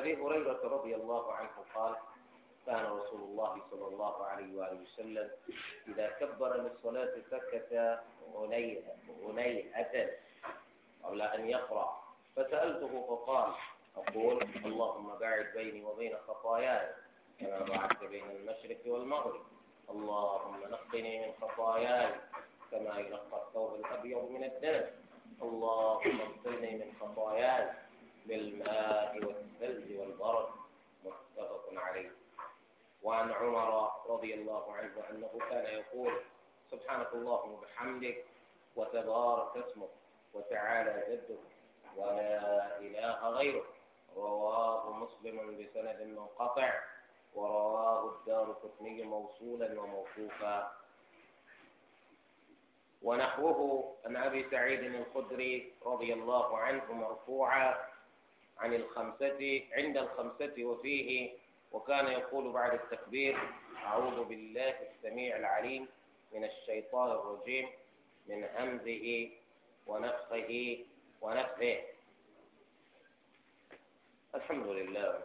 أبي هريرة رضي الله عنه قال كان رسول الله صلى الله عليه وآله وسلم إذا كبر للصلاة سكت هنيئة قبل أن يقرأ فسألته فقال أقول اللهم باعد بيني وبين خطاياي كما بعدت بين المشرق والمغرب اللهم نقني من خطاياي كما ينقى الثوب الأبيض من الدنس اللهم اغسلني من خطاياي بالماء والثلج والبرد متفق عليه وعن عمر رضي الله عنه أنه كان يقول سبحانك اللهم وبحمدك وتبارك اسمك وتعالى جدك ولا إله غيرك رواه مسلم بسند منقطع ورواه الدار قطني موصولا وموقوفا ونحوه عن أبي سعيد الخدري رضي الله عنه مرفوعا عن الخمسة عند الخمسة وفيه وكان يقول بعد التكبير أعوذ بالله السميع العليم من الشيطان الرجيم من همزه ونفخه ونفخه الحمد لله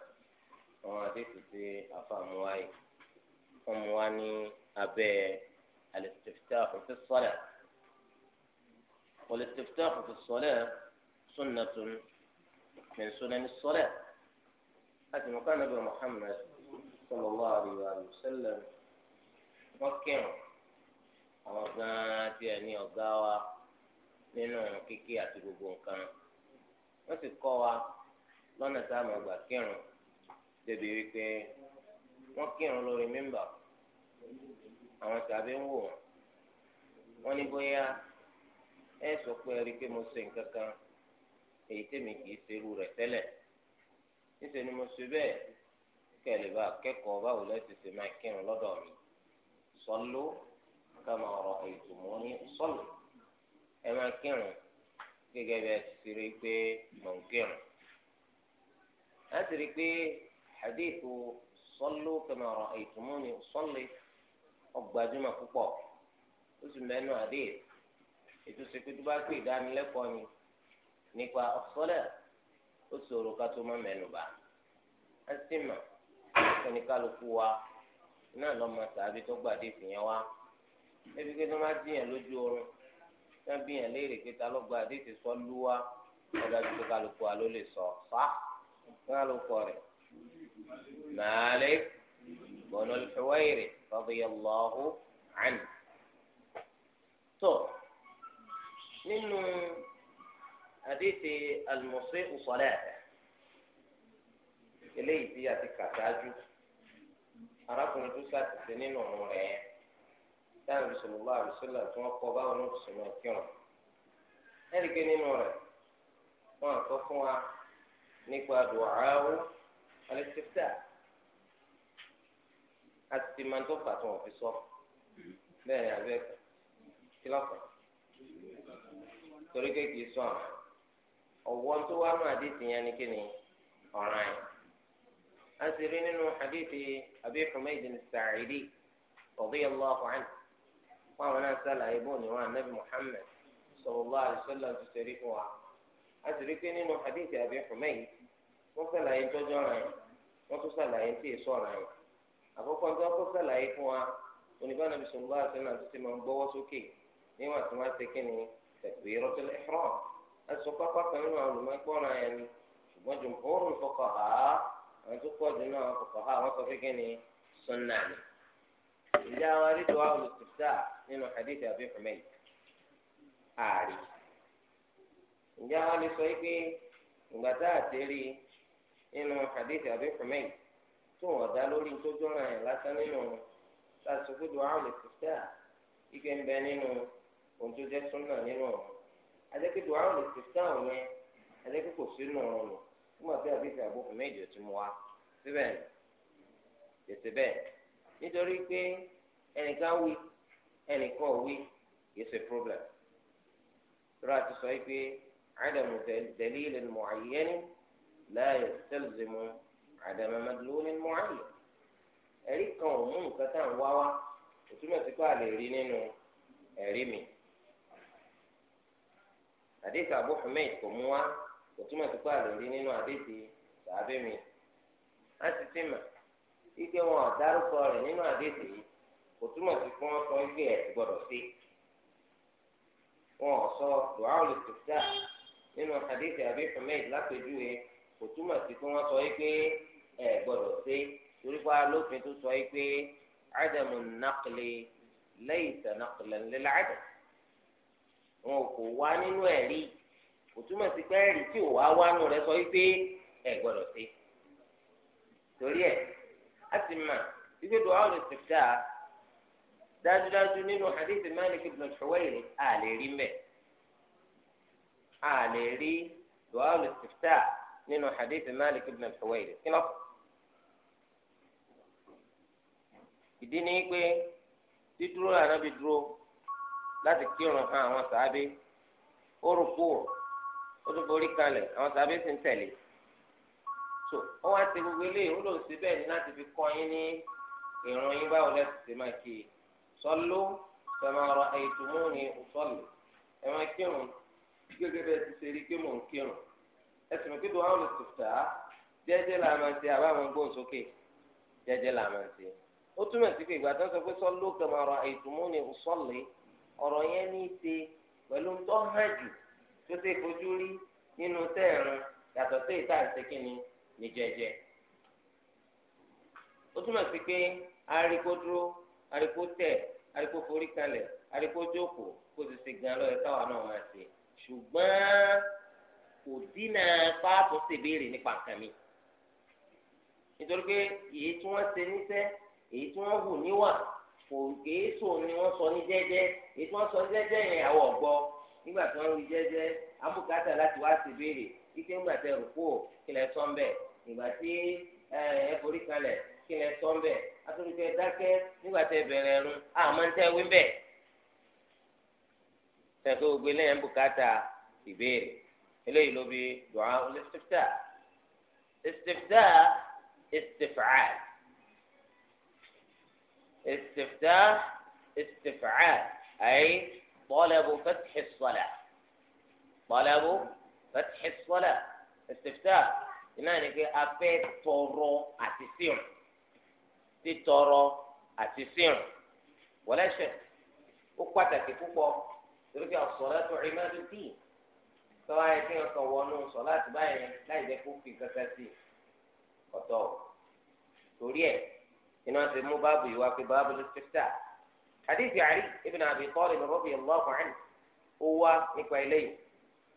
وهذه في أفهم واي أمواني أبي الاستفتاح في الصلاة والاستفتاح في الصلاة سنة من سنن الصلاة حتى مكان نبي محمد صلى الله عليه وآله وسلم وكيم أوقات يعني أوقاوا nínú kíkí àti gbogbo nǹkan wọ́n sì kọ́ wa lọ́nà tá a máa gbà kírun débi wípé wọ́n kírun lórí mímbà àwọn tàbí ń wò wọ́n ní bóyá ẹ sọ pé ẹ rí i pé mo ṣe nǹkan kan èyí tèmi kìí serú rẹ̀ tẹ́lẹ̀ níṣẹ́ ni mo ṣe bẹ́ẹ̀ kẹlẹ bá kẹ́kọ̀ọ́ báwo lẹsẹ ṣe máa kírun lọ́dọ̀ mi sọlú kama ọ̀rọ̀ ìtumọ̀ ní sọlù ẹ máa kírun gẹ́gẹ́ bẹ ti rí pé mò ń kírun láti rí pé hadithu sọlú kama ọ̀rọ̀ ìtumọ̀ ní sọlù ọgbàdúmọ púpọ̀ ó sì mẹ́nu hadith ètò ìsèkútù bá pè ìdánilẹ́kọ̀ọ́ ni nípa ọ̀sọ́lẹ̀ ó ṣòro ká tó má mẹ́nuba á sì mà oníkálukú wa iná lọ́mọ tàbí tó gbàdé fìyẹn wa ebi pé tó má dìyàn lójú oorun tó má bìyàn léèrè pé ta ló gbàdé ti sọ lú wa ọ̀dà tó kálukú wa ló lè sọ fa kálukú rẹ̀ Malik bọ̀nà ìfẹ̀wẹ́rẹ̀ radiyallahu anhu. tó nínú. حديث المسيء صلاته eléyìí tí a ti kà dájú arákùnrin tó ṣàtìsẹ nínú ọ̀run rẹ̀ dáhùn bisalòlá àbísọ́là tí wọ́n kọ́ báwọn náà sọ̀rọ̀ ìkírun ẹ̀ríkẹ́ nínú rẹ̀ wọ́n àtọ́ fún wa nípa dùwàáwó alẹ́sẹ̀tà àti tìmọ̀tòfà tí wọ́n fi sọ bẹ́ẹ̀ ni abẹ́ kí lọ́kàn torí kéèké sọ àwọn ọwọ́ tó wá nù àdìsí yẹn ni kí ni ọ̀ràn yẹn. a sì rí nínú àdìsí Abi Humayd as-Sa'idi radiyallahu anhu fáwọn náà sàlàyé bó ni wọn ànábì Muhammad sallallahu alaihi wasallam ti ṣe rí fún wa. a sì rí pé nínú àdìsí Abi Humayd wọ́n sàlàyé tọ́jú ọ̀ràn yẹn wọ́n tún sàlàyé tí èso ọ̀ràn yẹn. àkọ́kọ́ tó kọ́ sàlàyé fún wa oníbànà bisimilá àti náà tó ti máa ń gbọ́wọ́ sókè níwọ̀n tí wọ́n ti kí ni takbiratul ihram ẹsùn pápá kan nínú àwọn olùmọ̀ẹ́gbọ́ra yẹn ni ṣùgbọ́n jù bóòrù fọkàn á àwọn tó pọ̀ jù náà fọkàn á wọ́n sọ fún kí ni sunna ni. ìyá wa rí tó àwọn olùsìtà nínú hadith àbí fúnmẹ́yì ààrí. ìyá wa lè sọ pé ìgbà tá a ti rí nínú hadith àbí fúnmẹ́yì tó wọ́n dá lórí tó jọ́nà ẹ̀ lásán nínú sàṣùkúdù àwọn olùsìtà ike ń bẹ nínú ohun tó jẹ́ sunna nínú ọ̀run adeke do àwọn ìsìtàn òun adeke kò sínú ọrùn lò fún àti àbíkà àbúkù méjì tó mu wa síbẹ̀ tètè bẹ́ẹ̀ nítorí pé ẹnìkan wí ẹnìkan ò wí yìí ṣe problem tó láti sọ yìí pé àdàmù dalil mu'ayyan la yastalzimu àdàmù madlul mu'ayyan ẹ̀rí kan ò mú nǹkan tá à ń wá wá àdéhùn Abu Humayd kò mú wa kò túmọ̀ sí pé àlòrí nínú àdéhùn sàábẹ́ mi á sì ti mà ike wọn àdárúkọ rẹ̀ nínú àdéhùn yìí kò túmọ̀ sí pé wọ́n sọ ilé ẹ̀ ti gbọ́dọ̀ sí wọn ò sọ dùá ò lè tìta nínú àdéhùn Abu Humayd lápẹjúwe kò túmọ̀ sí pé wọ́n sọ pé ẹ̀ gbọ́dọ̀ sí torí pé alófin tó sọ pé ádámù nàkìlẹ̀ lẹ́yìn tẹ̀ nàkìlẹ̀ ńlẹ́lẹ́ ádámù wọn kò wá nínú ẹ̀rí kò túmọ̀ sí pé ẹ̀rí tí ò wá wá nù rẹ sọ wípé ẹ gbọ́dọ̀ sí torí ẹ̀ a ti mọ̀ wípé dùn àwọn olùsèkà dájúdájú nínú hadith Malik ibn Huwairi a lè rí mẹ́ a lè rí dùn àwọn olùsèkà nínú hadith Malik ibn Huwairi kí lọ́kọ̀. ìdí ni pé dídúró ànábi dúró láti kírun hàn àwọn sàábé ó rò kú ò ó tún borí kalẹ̀ àwọn sàábé sì ń tẹ̀lé tó ó wá ti gbogbo eléyìí ó lò sí bẹ́ẹ̀ ni láti fi kọ́ yín ní ìrun yín báwo lẹ́sìn sí máa kí i sọlú sọmọrọ ẹ̀yìntùmọ́ ni sọlù ẹ máa kírun gẹ́gẹ́ bẹ́ẹ̀ ti ṣe rí pé mò ń kírun ẹ sì mọ̀ pé du'a lè tùtà jẹ́jẹ́ là máa ṣe àbáwọn gbóhùn sókè jẹ́jẹ́ là máa ṣe ó túmọ̀ sí pé ìgbà tó ń sọ pé sọlú sọmọrọ ẹ̀yìntùmọ́ ni sọlù ọ̀rọ̀ yẹn ní í ṣe pẹ̀lú tó hàn jù tó ṣe fojú rí nínú tẹ́ẹ̀rùn yàtọ̀ sí ìta ìṣèkínni ní jẹjẹ. ó túmọ̀ sí pé ariko dúró ariko tẹ̀ ariko forí kalẹ̀ ariko jókòó kó o sì ṣe gan lọ́yẹ̀ táwa náà máa ṣe ṣùgbọ́n kò dínà fáàtún ṣèbéèrè nípa nǹkan mi nítorí pé èyí tí wọ́n ṣe níṣẹ́ èyí tí wọ́n hù níwà kò kéésò ni wọ́n sọ ní jẹ́jẹ́ èyí tí wọ́n sọ jẹ́jẹ́ yẹn àwọn ọ̀gbọ́ nígbà tí wọ́n rí jẹ́jẹ́ abúkátà láti wá sí béèrè ike ńgbà tẹ rùkú ò kí lẹ sọ ńbẹ ìgbà tí ẹ forí kalẹ̀ kí lẹ sọ ńbẹ atúndùkẹ nígbà tẹ bẹ̀rẹ̀ ẹrun àmọ́ ń tẹ́ wí ńbẹ tẹ̀kọ́ gbogbo ilé ìbéèrè eléyìí ló bi dùn án onísìtìfìtà ìsìtìfìtà ìsìtìfàá ìsìtìfìtà ìsìtìfàá. أي طلب فتح الصلاة طلب فتح الصلاة استفتاح ìnáà ni pé a fẹ́ tọrọ àti sírùn títọrọ àti sírùn wọlẹ́sẹ̀ ó pàtàkì púpọ̀ torí pé ọ̀sọ̀rọ̀ tó rí mẹ́rin tì í tọ́wá yẹ kí wọ́n kàn wọnú sọ láti báyẹn láì jẹ́ kó fi kankan sí i ọ̀tọ̀ torí ẹ̀ iná ti mú báàbù yìí wá pé báàbù ló ti fẹ́ tà حديث علي بن أبي طالب رضي الله عنه هو نكويلين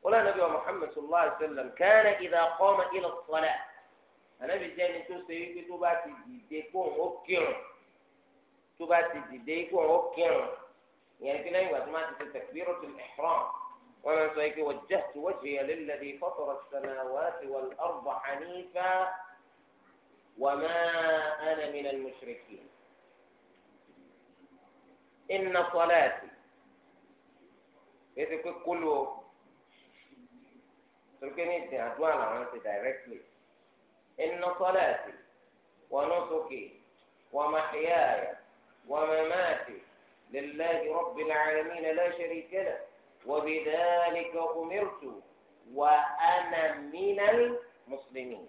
ولا نبي محمد صلى الله عليه وسلم كان إذا قام إلى الصلاة النبي جاني تسوي تبات يديكم أكير تبات يديكم أكير يعني كنا يبقى ما تكبيرة الإحرام وانا سويك وجهت وجهي للذي فطر السماوات والأرض حنيفا وما أنا من المشركين إن صلاتي بيتي كل كله تركني انت أدوان عن directly إن صلاتي ونسكي ومحياي ومماتي لله رب العالمين لا شريك له وبذلك أمرت وأنا من المسلمين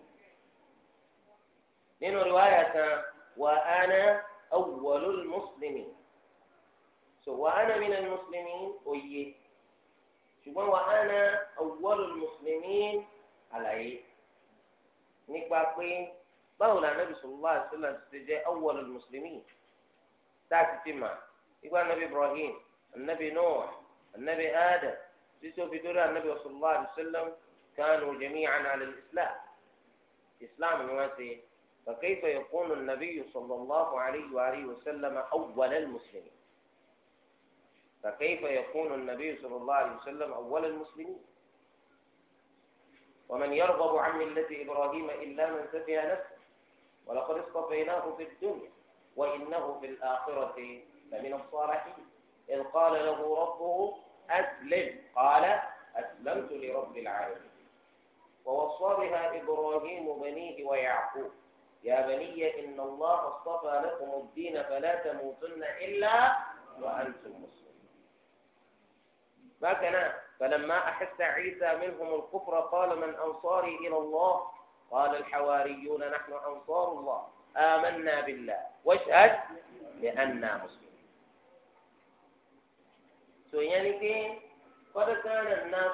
من رواية وأنا أول المسلمين so wàhánà mi náà mùsùlùmí òye ṣùgbọ́n wàhánà awwalu mùsùlùmí àlàyé nípa pé báwo la nàbì sallallahu alaihi wasallam ti jẹ́ awwalu mùsùlùmí táàtì ti mà nígbà nàbì Ibrahim nàbì Nuh nàbì Adam títí òfin dórí ànàbì sallallahu alaihi wasallam kanu jami'an ala al-islam islam ni wọ́n ti فكيف يكون النبي صلى الله عليه وآله وسلم أول المسلمين فكيف يكون النبي صلى الله عليه وسلم أول المسلمين ومن يرغب عن ملة إبراهيم إلا من سفه نفسه ولقد اصطفيناه في الدنيا وإنه في الآخرة لمن الصالحين إذ قال له ربه أسلم قال أسلمت لرب العالمين ووصى بها إبراهيم بنيه ويعقوب يا بني إن الله اصطفى لكم الدين فلا تموتن إلا وأنتم مسلمون ما فلما أحس عيسى منهم الكفر قال من أنصاري إلى الله قال الحواريون نحن أنصار الله آمنا بالله واشهد بأننا مسلمين سويني قد كان الناس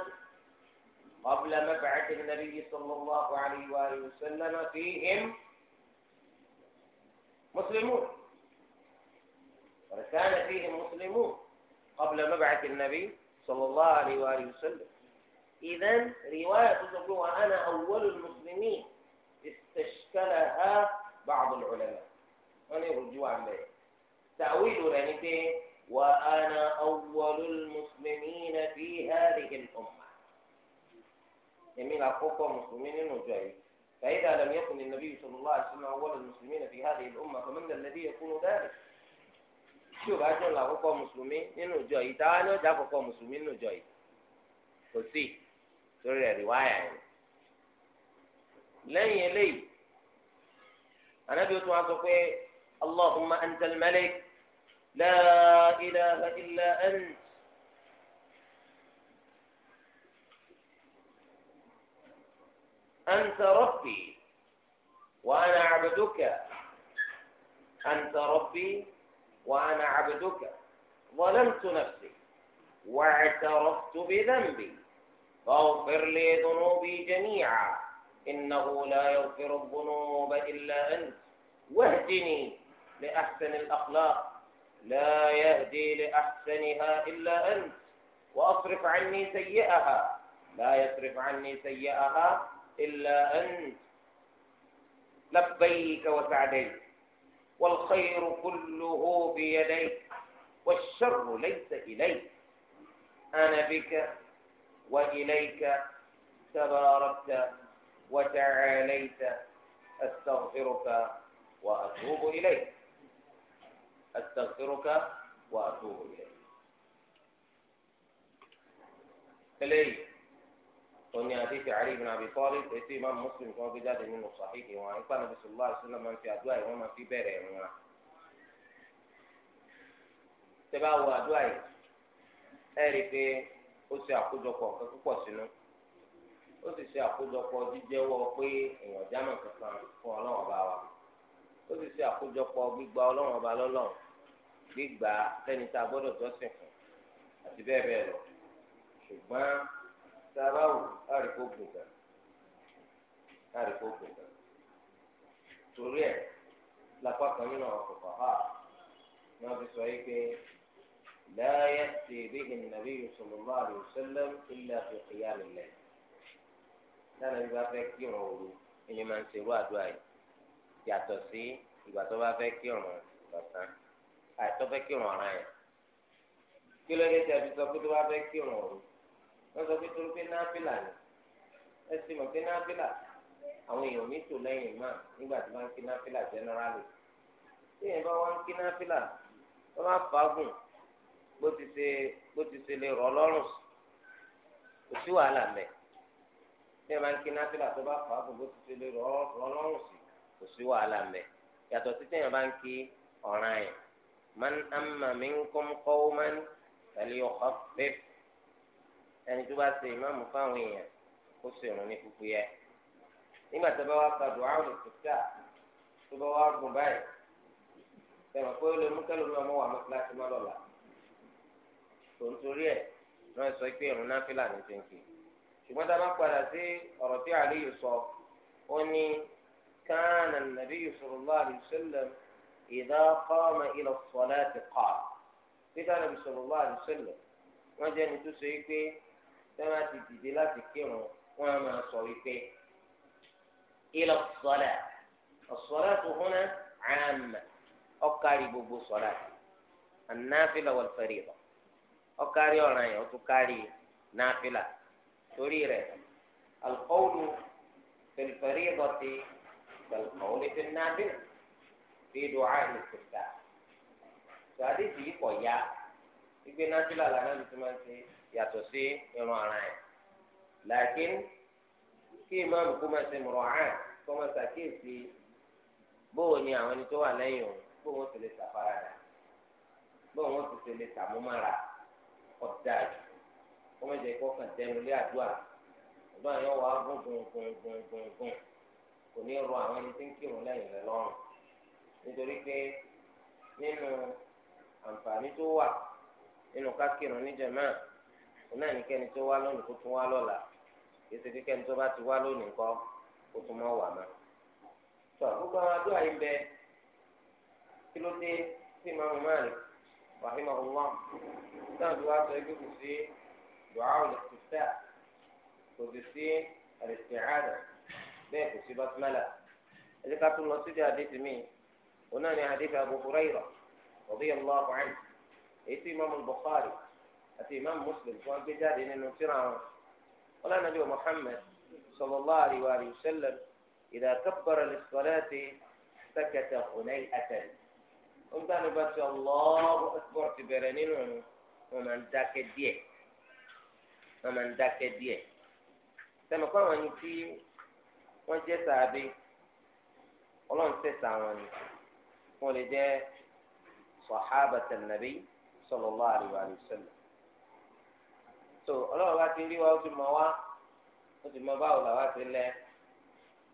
قبل مبعث النبي صلى الله عليه وآله وسلم فيهم مسلمون وكان فيهم مسلمون قبل مبعث النبي صلى الله عليه وآله وسلم إذا رواية تقول وأنا أول المسلمين استشكلها بعض العلماء أنا يرجو عن ذلك تأويل لنبي وأنا أول المسلمين في هذه الأمة يمين أخوك مسلمين وجاي فإذا لم يكن النبي صلى الله عليه وسلم أول المسلمين في هذه الأمة فمن الذي يكون ذلك tí o bá jọ lọ àkọkọ mùsùlùmí nínú ìjọ yìí táwa ni ó jà kọ́kọ́ mùsùlùmí nínú ìjọ yìí kò sí torí rẹ̀ wáyà yẹn lẹ́yìn eléyìí anabi o tún wá sọ pé allahumma anta al-malik la ilaha illa anta. أنت ربي وأنا عبدك أنت ربي وأنا عبدك ظلمت نفسي واعترفت بذنبي فاغفر لي ذنوبي جميعا إنه لا يغفر الذنوب إلا أنت واهدني لأحسن الأخلاق لا يهدي لأحسنها إلا أنت وأصرف عني سيئها لا يصرف عني سيئها إلا أنت لبيك وسعديك والخير كله بيديك والشر ليس إليك أنا بك وإليك تباركت وتعاليت أستغفرك وأتوب إليك أستغفرك وأتوب إليك إليه oní àdéhùn Ali ibn Abi Talib ètò Imam Muslim tí wọ́n gbé jáde nínú sàhíhì wọn nípa nàbí sallallahu alaihi wasallam máa ń fi àdúrà yìí wọ́n máa fi bẹ̀rẹ̀ ẹ̀rùn wa. tẹ́ bá wo àdúrà yìí ẹ rí i pé ó ṣe àkójọpọ̀ nǹkan púpọ̀ sínú ó sì ṣe àkójọpọ̀ jíjẹ́wọ́ pé èèyàn jámọ̀ kankan fún ọlọ́run ọba wa ó sì ṣe àkójọpọ̀ gbígba ọlọ́run ọba lọ́lọ́run gbígbà lẹ́ni tá a gbọ́dọ̀ sábàwò àríkó gbòǹgà àríkó gbòǹgà torí ẹ lápá kan nínú àwọn kòkò ha ni wọn fi sọ yìí pé láyé ti bíhi nàbí sọlọmọ àlùyò sẹlẹm ilẹ àti ìyá nílẹ lánàá bí wọn fẹ́ kírun òru ẹni máa ń ṣe irú àdúrà yìí yàtọ̀ sí ìgbà tó bá fẹ́ kírun ọ̀sán àìtọ́ fẹ́ kírun ọ̀ràn yẹn kí ló dé tẹ́ fi sọ pé tó bá fẹ́ kírun òru wọ́n sọ pé torí pé náfìlà ni ẹ sì mọ̀ pé náfìlà àwọn èèyàn mi tò lẹ́yìn máa nígbà tí wọ́n ń kí náfìlà jẹ́nẹ́rálì tí èèyàn bá wọ́n ń kí náfìlà wọ́n máa fagùn bó ti ṣe bó ti ṣe lè rọ̀ lọ́rùn kò sí wàhálà mẹ́ tí èèyàn bá ń kí náfìlà tó bá fagùn bó ti ṣe lè rọ̀ lọ́rùn sí kò sí wàhálà mẹ́ yàtọ̀ sí tí èèyàn bá ń kí ọ̀ràn yẹn man amma minkum qawman falyukhaffif ẹni tó bá ṣe ìmáàmù fáwọn èèyàn kó ṣe ìrun ní kúkú yẹ nígbà tó bá wá padù àwọn òṣìṣẹ́ tó bá wá gùn báyìí tẹ̀wọ̀n pé ó lè mú kẹ́lò ní ọmọ wà mọ́ kíláàsì má lọ́la tó ń torí ẹ̀ náà sọ pé ìrun náfìlà ní tẹ̀ǹkì ṣùgbọ́n tá a bá padà sí ọ̀rọ̀ tí Àlíyù sọ ó ní káànà nàbí sallallahu alaihi wasallam idha qama ila salati qala tẹ́lá ti dìde láti kírun wọ́n á máa sọ wípé ilẹ̀ sọ́lá ọ̀sọ́lá tó húnná àmà ọ̀kárí gbogbo sọ́lá ànáfìlà wal fariida ọ̀kárí ọ̀ràn yẹn ó tún kárí náfìlà torí rẹ̀ alqawlu fil fariidati kalqawli fil náfìlà fi du'a al-istiftah tàdé ti yí kọ̀ ya ìgbé náfìlà làná lùtùmọ̀ ṣe yàtọ̀ sí irun ara yẹn làákín kí ìmáàmù kó máa ṣe mọ̀rọ̀ hàn kó máa bóun ni àwọn ẹni tó wà lẹ́yìn òun bóun ó sì lè ṣàfara rẹ̀ bóun ó sì ṣe lè ṣàmúmára ọ̀dà jù kó má jẹ́ kó kàn tẹnu lé àdúrà ọ̀dọ́ àyàn wà á gùn gùn gùn gùn gùn gùn kò ní rọ àwọn ẹni tí ń kírun lẹ́yìn rẹ̀ lọ́rùn nítorí pé nínú àǹfààní tó wà nínú ká kírun níjàmáà náà ní kẹ́ni tó wá lónìí kó tún wá lọ́la èsì pé kẹ́ni tó bá ti wá lónìí kọ́ kó tún mọ́ wà mọ́. tọ́ gbogbo àwọn adúlá yìí bẹ kí ló dé sí ìmáàmù Malik rahimahullah náà tó wá sọ ẹgbẹ́ kò sí dùá olùsísà kò sì sí àlìsíhàdà bẹ́ẹ̀ kò sí basmala ẹ̀jẹ̀ ká tún lọ síbi àdéhùn mi òun náà ní àdéhùn Abu Hurairah radiyallahu anhu èyí sí ìmáàmù àti imam muslim tí wọ́n gbé jáde nínú tírà wọn wọn lánàá wa muhammed sallallahu alayhi wa alayhi wa sallam idha kabbara lis-salati ọ̀nà khunay'atan ó ń gbàgbé bá ti Allahu akbar ti bẹ̀rẹ̀ nínú wọn máa ń dákẹ́ díẹ̀ wọn máa ń dákẹ́ díẹ̀ sẹ́mi kọ́ àwọn ẹni tí wọ́n jẹ́ sàbí ọlọ́run tẹ̀sà sàwọn ni wọ́n lè jẹ́ sọ̀hábàtà nàbí sallallahu alayhi wa sallam. tó ọlọ́run bá ti rí wa ó ti mọ wa ó ti mọ báwo làwa ti lẹ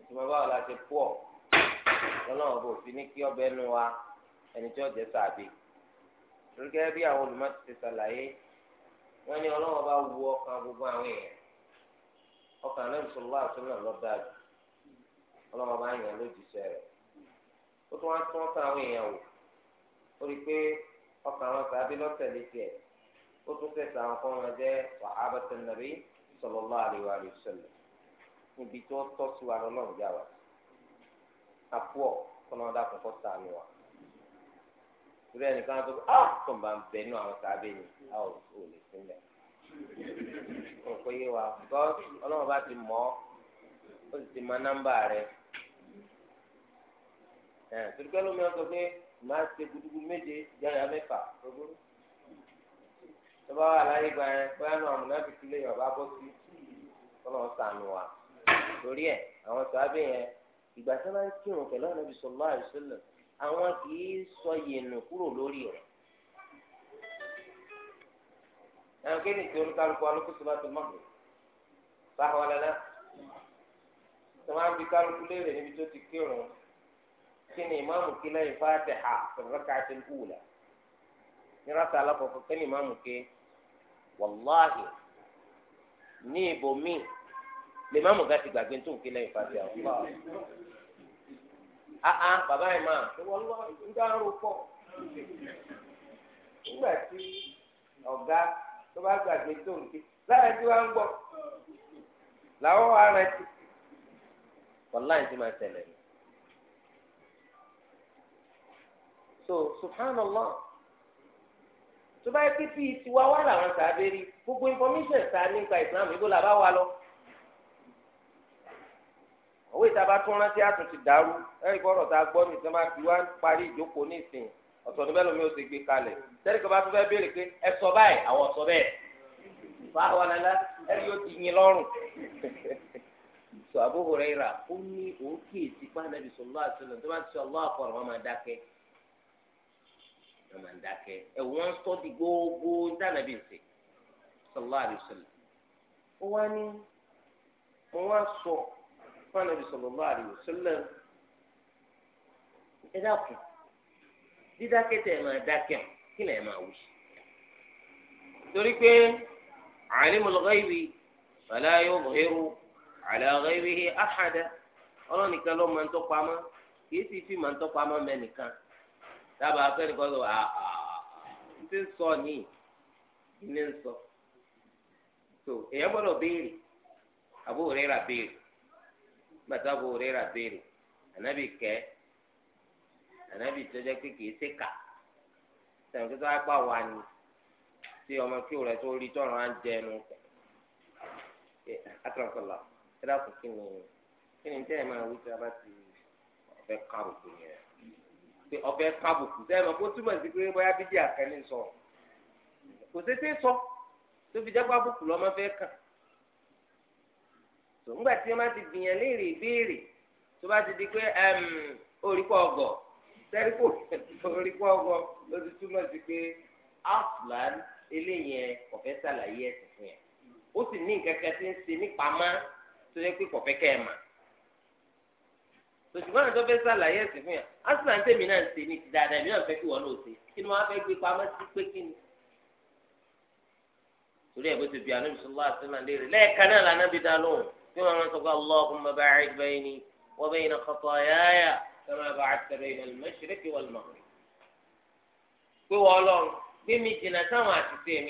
ó ti mọ báwo la ti pọ̀ ọlọ́run bò fi ní kí ọbẹ̀ nu wa ẹni tí ọ̀jẹ̀ sàbí torí gẹ́gẹ́ bí àwọn olùmọ̀ ti sàlàyé wọ́n ní ọlọ́run bá wu ọkàn gbogbo àwọn èèyàn ọkàn náà sọlọ́ jù ọlọ́run bá yàn lójúṣe rẹ̀ ó tún wá tún ọkàn àwọn èèyàn wò ó rí i pé ọkàn ó tún fẹsẹ̀ àwọn kan wọn jẹ́ sàhábàtà nàbí sallallahu alaihi wa sallam níbi tí wọ́n tọ́ sí wa lọ́lọ́run já wa àpò ọ̀ kọ́nà dàpọ̀ kọ́ sàánú wa torí ẹnìkan tó bá ah! tó bá ń bẹ nínú àwọn sábẹ́ ni a ò lè sílẹ̀ kò pé yé wa bọ́ ọlọ́run bá ti mọ̀ ó sì ti mọ nọ́mbà rẹ̀ ẹ̀ torí pé màá ṣe gudugudu méje jáde mẹ́fà gbogbo tó bá wà láyé gba ẹ bóyá nu àmúná fi kílé yọ̀bá bọ́ sí kọ́lọ́ sànù wa torí ẹ̀ àwọn sàbẹ̀ yẹn ìgbà tí wọ́n kí wọn pẹ̀lú ànábì sọ̀lá àìsílẹ̀ àwọn kì í sọ yẹnu kúrò lórí rẹ̀ ẹnu kí ni ìtòrí kálukú alókùsọ bá ti mọ̀ pé sáwọn lẹ́lẹ́ tó máa ń kálukú léèrè níbi tó ti kírun kí ni ìmáàmù kí lẹ́yìn fáti hà sọ̀rọ̀ káàtì ń kú wùlẹ̀ níraka alákọ̀ọ́kọ́ kẹ́lí máa mú ké wàláhì ní ibò míì lè má mú gàtí gbàgbé tó ń ké lẹ́yìn fàtí àwọn ọ̀la. Àà bàbá yìí máa ń dárò pọ̀. Nígbà tí ọ̀gá tó bá gbàgbé tó ń ké láyé tí wọ́n ń gbọ́ làwọn wà rẹ̀ ti. Wàláhì ti máa tẹ̀lé. So subhanallah tó bá yẹ kí bíi e tiwa wà làwọn sàbẹ̀ rí gbogbo information ta nípa ìsìlámù ibo làbá wa lọ. owó ìtaba tún rántí àtún ti dàrú ẹ̀rí bọ́rọ̀ tá a gbọ́ mi tí wọ́n bá fi wá parí ìjókòó nísìnyí ọ̀sọ̀ níbẹ̀ lómi ó ti gbé kalẹ̀ tẹ́lẹ̀ kí wọ́n bá tún fẹ́ béèrè pé ẹ sọ báyìí àwọn sọ bẹ́ẹ̀ bá wà lálá ẹ̀rí yóò ti yin lọ́rùn. sọ Abu Hurairah ó ní òkè ìtìpá nàbì sallallahu alaihi wasallam tó bá ti sọ wọn máa ń dákẹ́ ẹ wọ́n ń sọ́ọ́dì gbogbo dánàbí nsè sallallahu alaihi wasallam ó wá ní mo wá sọ fún ànábì sallallahu alaihi wasallam ẹ dákun dídákẹ́ tẹ̀ máa dákẹ́ kí lẹ̀ máa wù torí pé alimul ghaibi fala yudhiru ala ghaibihi ahada ọlọ́nìkan ló máa ń tọ́ pamọ́ kì í sì fi máa ń tọ́ pamọ́ mẹ́nìkan dábàá akẹ́ni kan sọ àà ah, ah, ah, ti ń sọ ní ilé ń sọ so èyàn gbọ́dọ̀ béèrè àbò òrera béèrè gbàtà àbò òrera béèrè ànábì kẹ́ ànábì tọ́jà pé kìí ṣe kà sẹ̀yìn tó tọ́jà pa wà ní tí ọmọ kí òrẹ́ tó rí tọ́rọ̀ á ń jẹnu ẹ̀ àtàkùnlá ẹ̀ dàkùn kí ni kí ni tẹ́ ẹ̀ máa wí tí a bá ti ọ̀fẹ́ kárò tó yẹn pé ọ̀fẹ́ kábùkù sẹ́yìn mọ̀ kó túmọ̀ sí pé bóyá bídí àkẹ́ni sọ kò sété sọ tó fi jágbá bùkù lọ́mọ fẹ́ kàn tó ńgbà tí wọ́n bá ti gbìyàn léèrè ìbéèrè tó bá ti di pé oríkọ̀ ọgọ̀ sẹ́ríkò oríkọ̀ ọgọ̀ ló ti túmọ̀ sí pé aflan eléyẹn ọ̀fẹ́ sàlàyé ẹ̀sìn fún yẹn ó sì ní nǹkan kan tí ń ṣe nípa má tó yẹ pé kọ̀fẹ́ kẹ́ ẹ̀ máa tòṣùgbọ́n àti ọ̀fẹ́ sàlàyé ẹ̀sìn fún yà asùnà tèmi náà ń ṣe ní ti dáadáa èmi náà fẹ́ kí wọ́n náà ṣe kí ni wọ́n á fẹ́ gbé pamọ́ sí pé kí ni. torí ẹ̀ bó ti bí anábì sọlá àtúnà léèrè lẹ́ẹ̀kan náà lànà bí dá lóhùn tí wọ́n máa ń sọ pé allahumma ba'id bayni wa wọ́n lọ gbé mi jìnnà sáwọn àtìsẹ́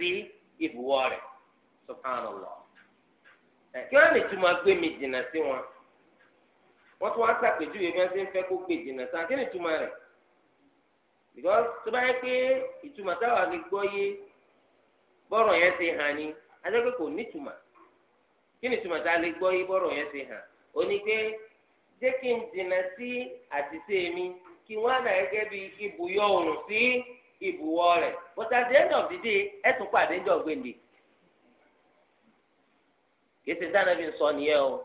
mi subhanallah ẹ kí wọn lè tún máa gbé mi sí wọn wọn tún wá sàpèjúwe bí wọn ń fẹ́ because tó bá yẹ pé ìtumọ̀ táwa lè gbọ́ yé bọ́rọ̀ yẹn ti hàn ni kò kí ni ìtumọ̀ táwa lè gbọ́ yé bọ́rọ̀ yẹn ti hàn ní pé jẹ́ kí n jìnnà sí àtisé mi kí wọ́n àná gẹ́gẹ́ bí ibùyọ̀ òrùn sí ibùwọ̀ rẹ̀ kìí ṣe dáná bí sọ nìyẹn o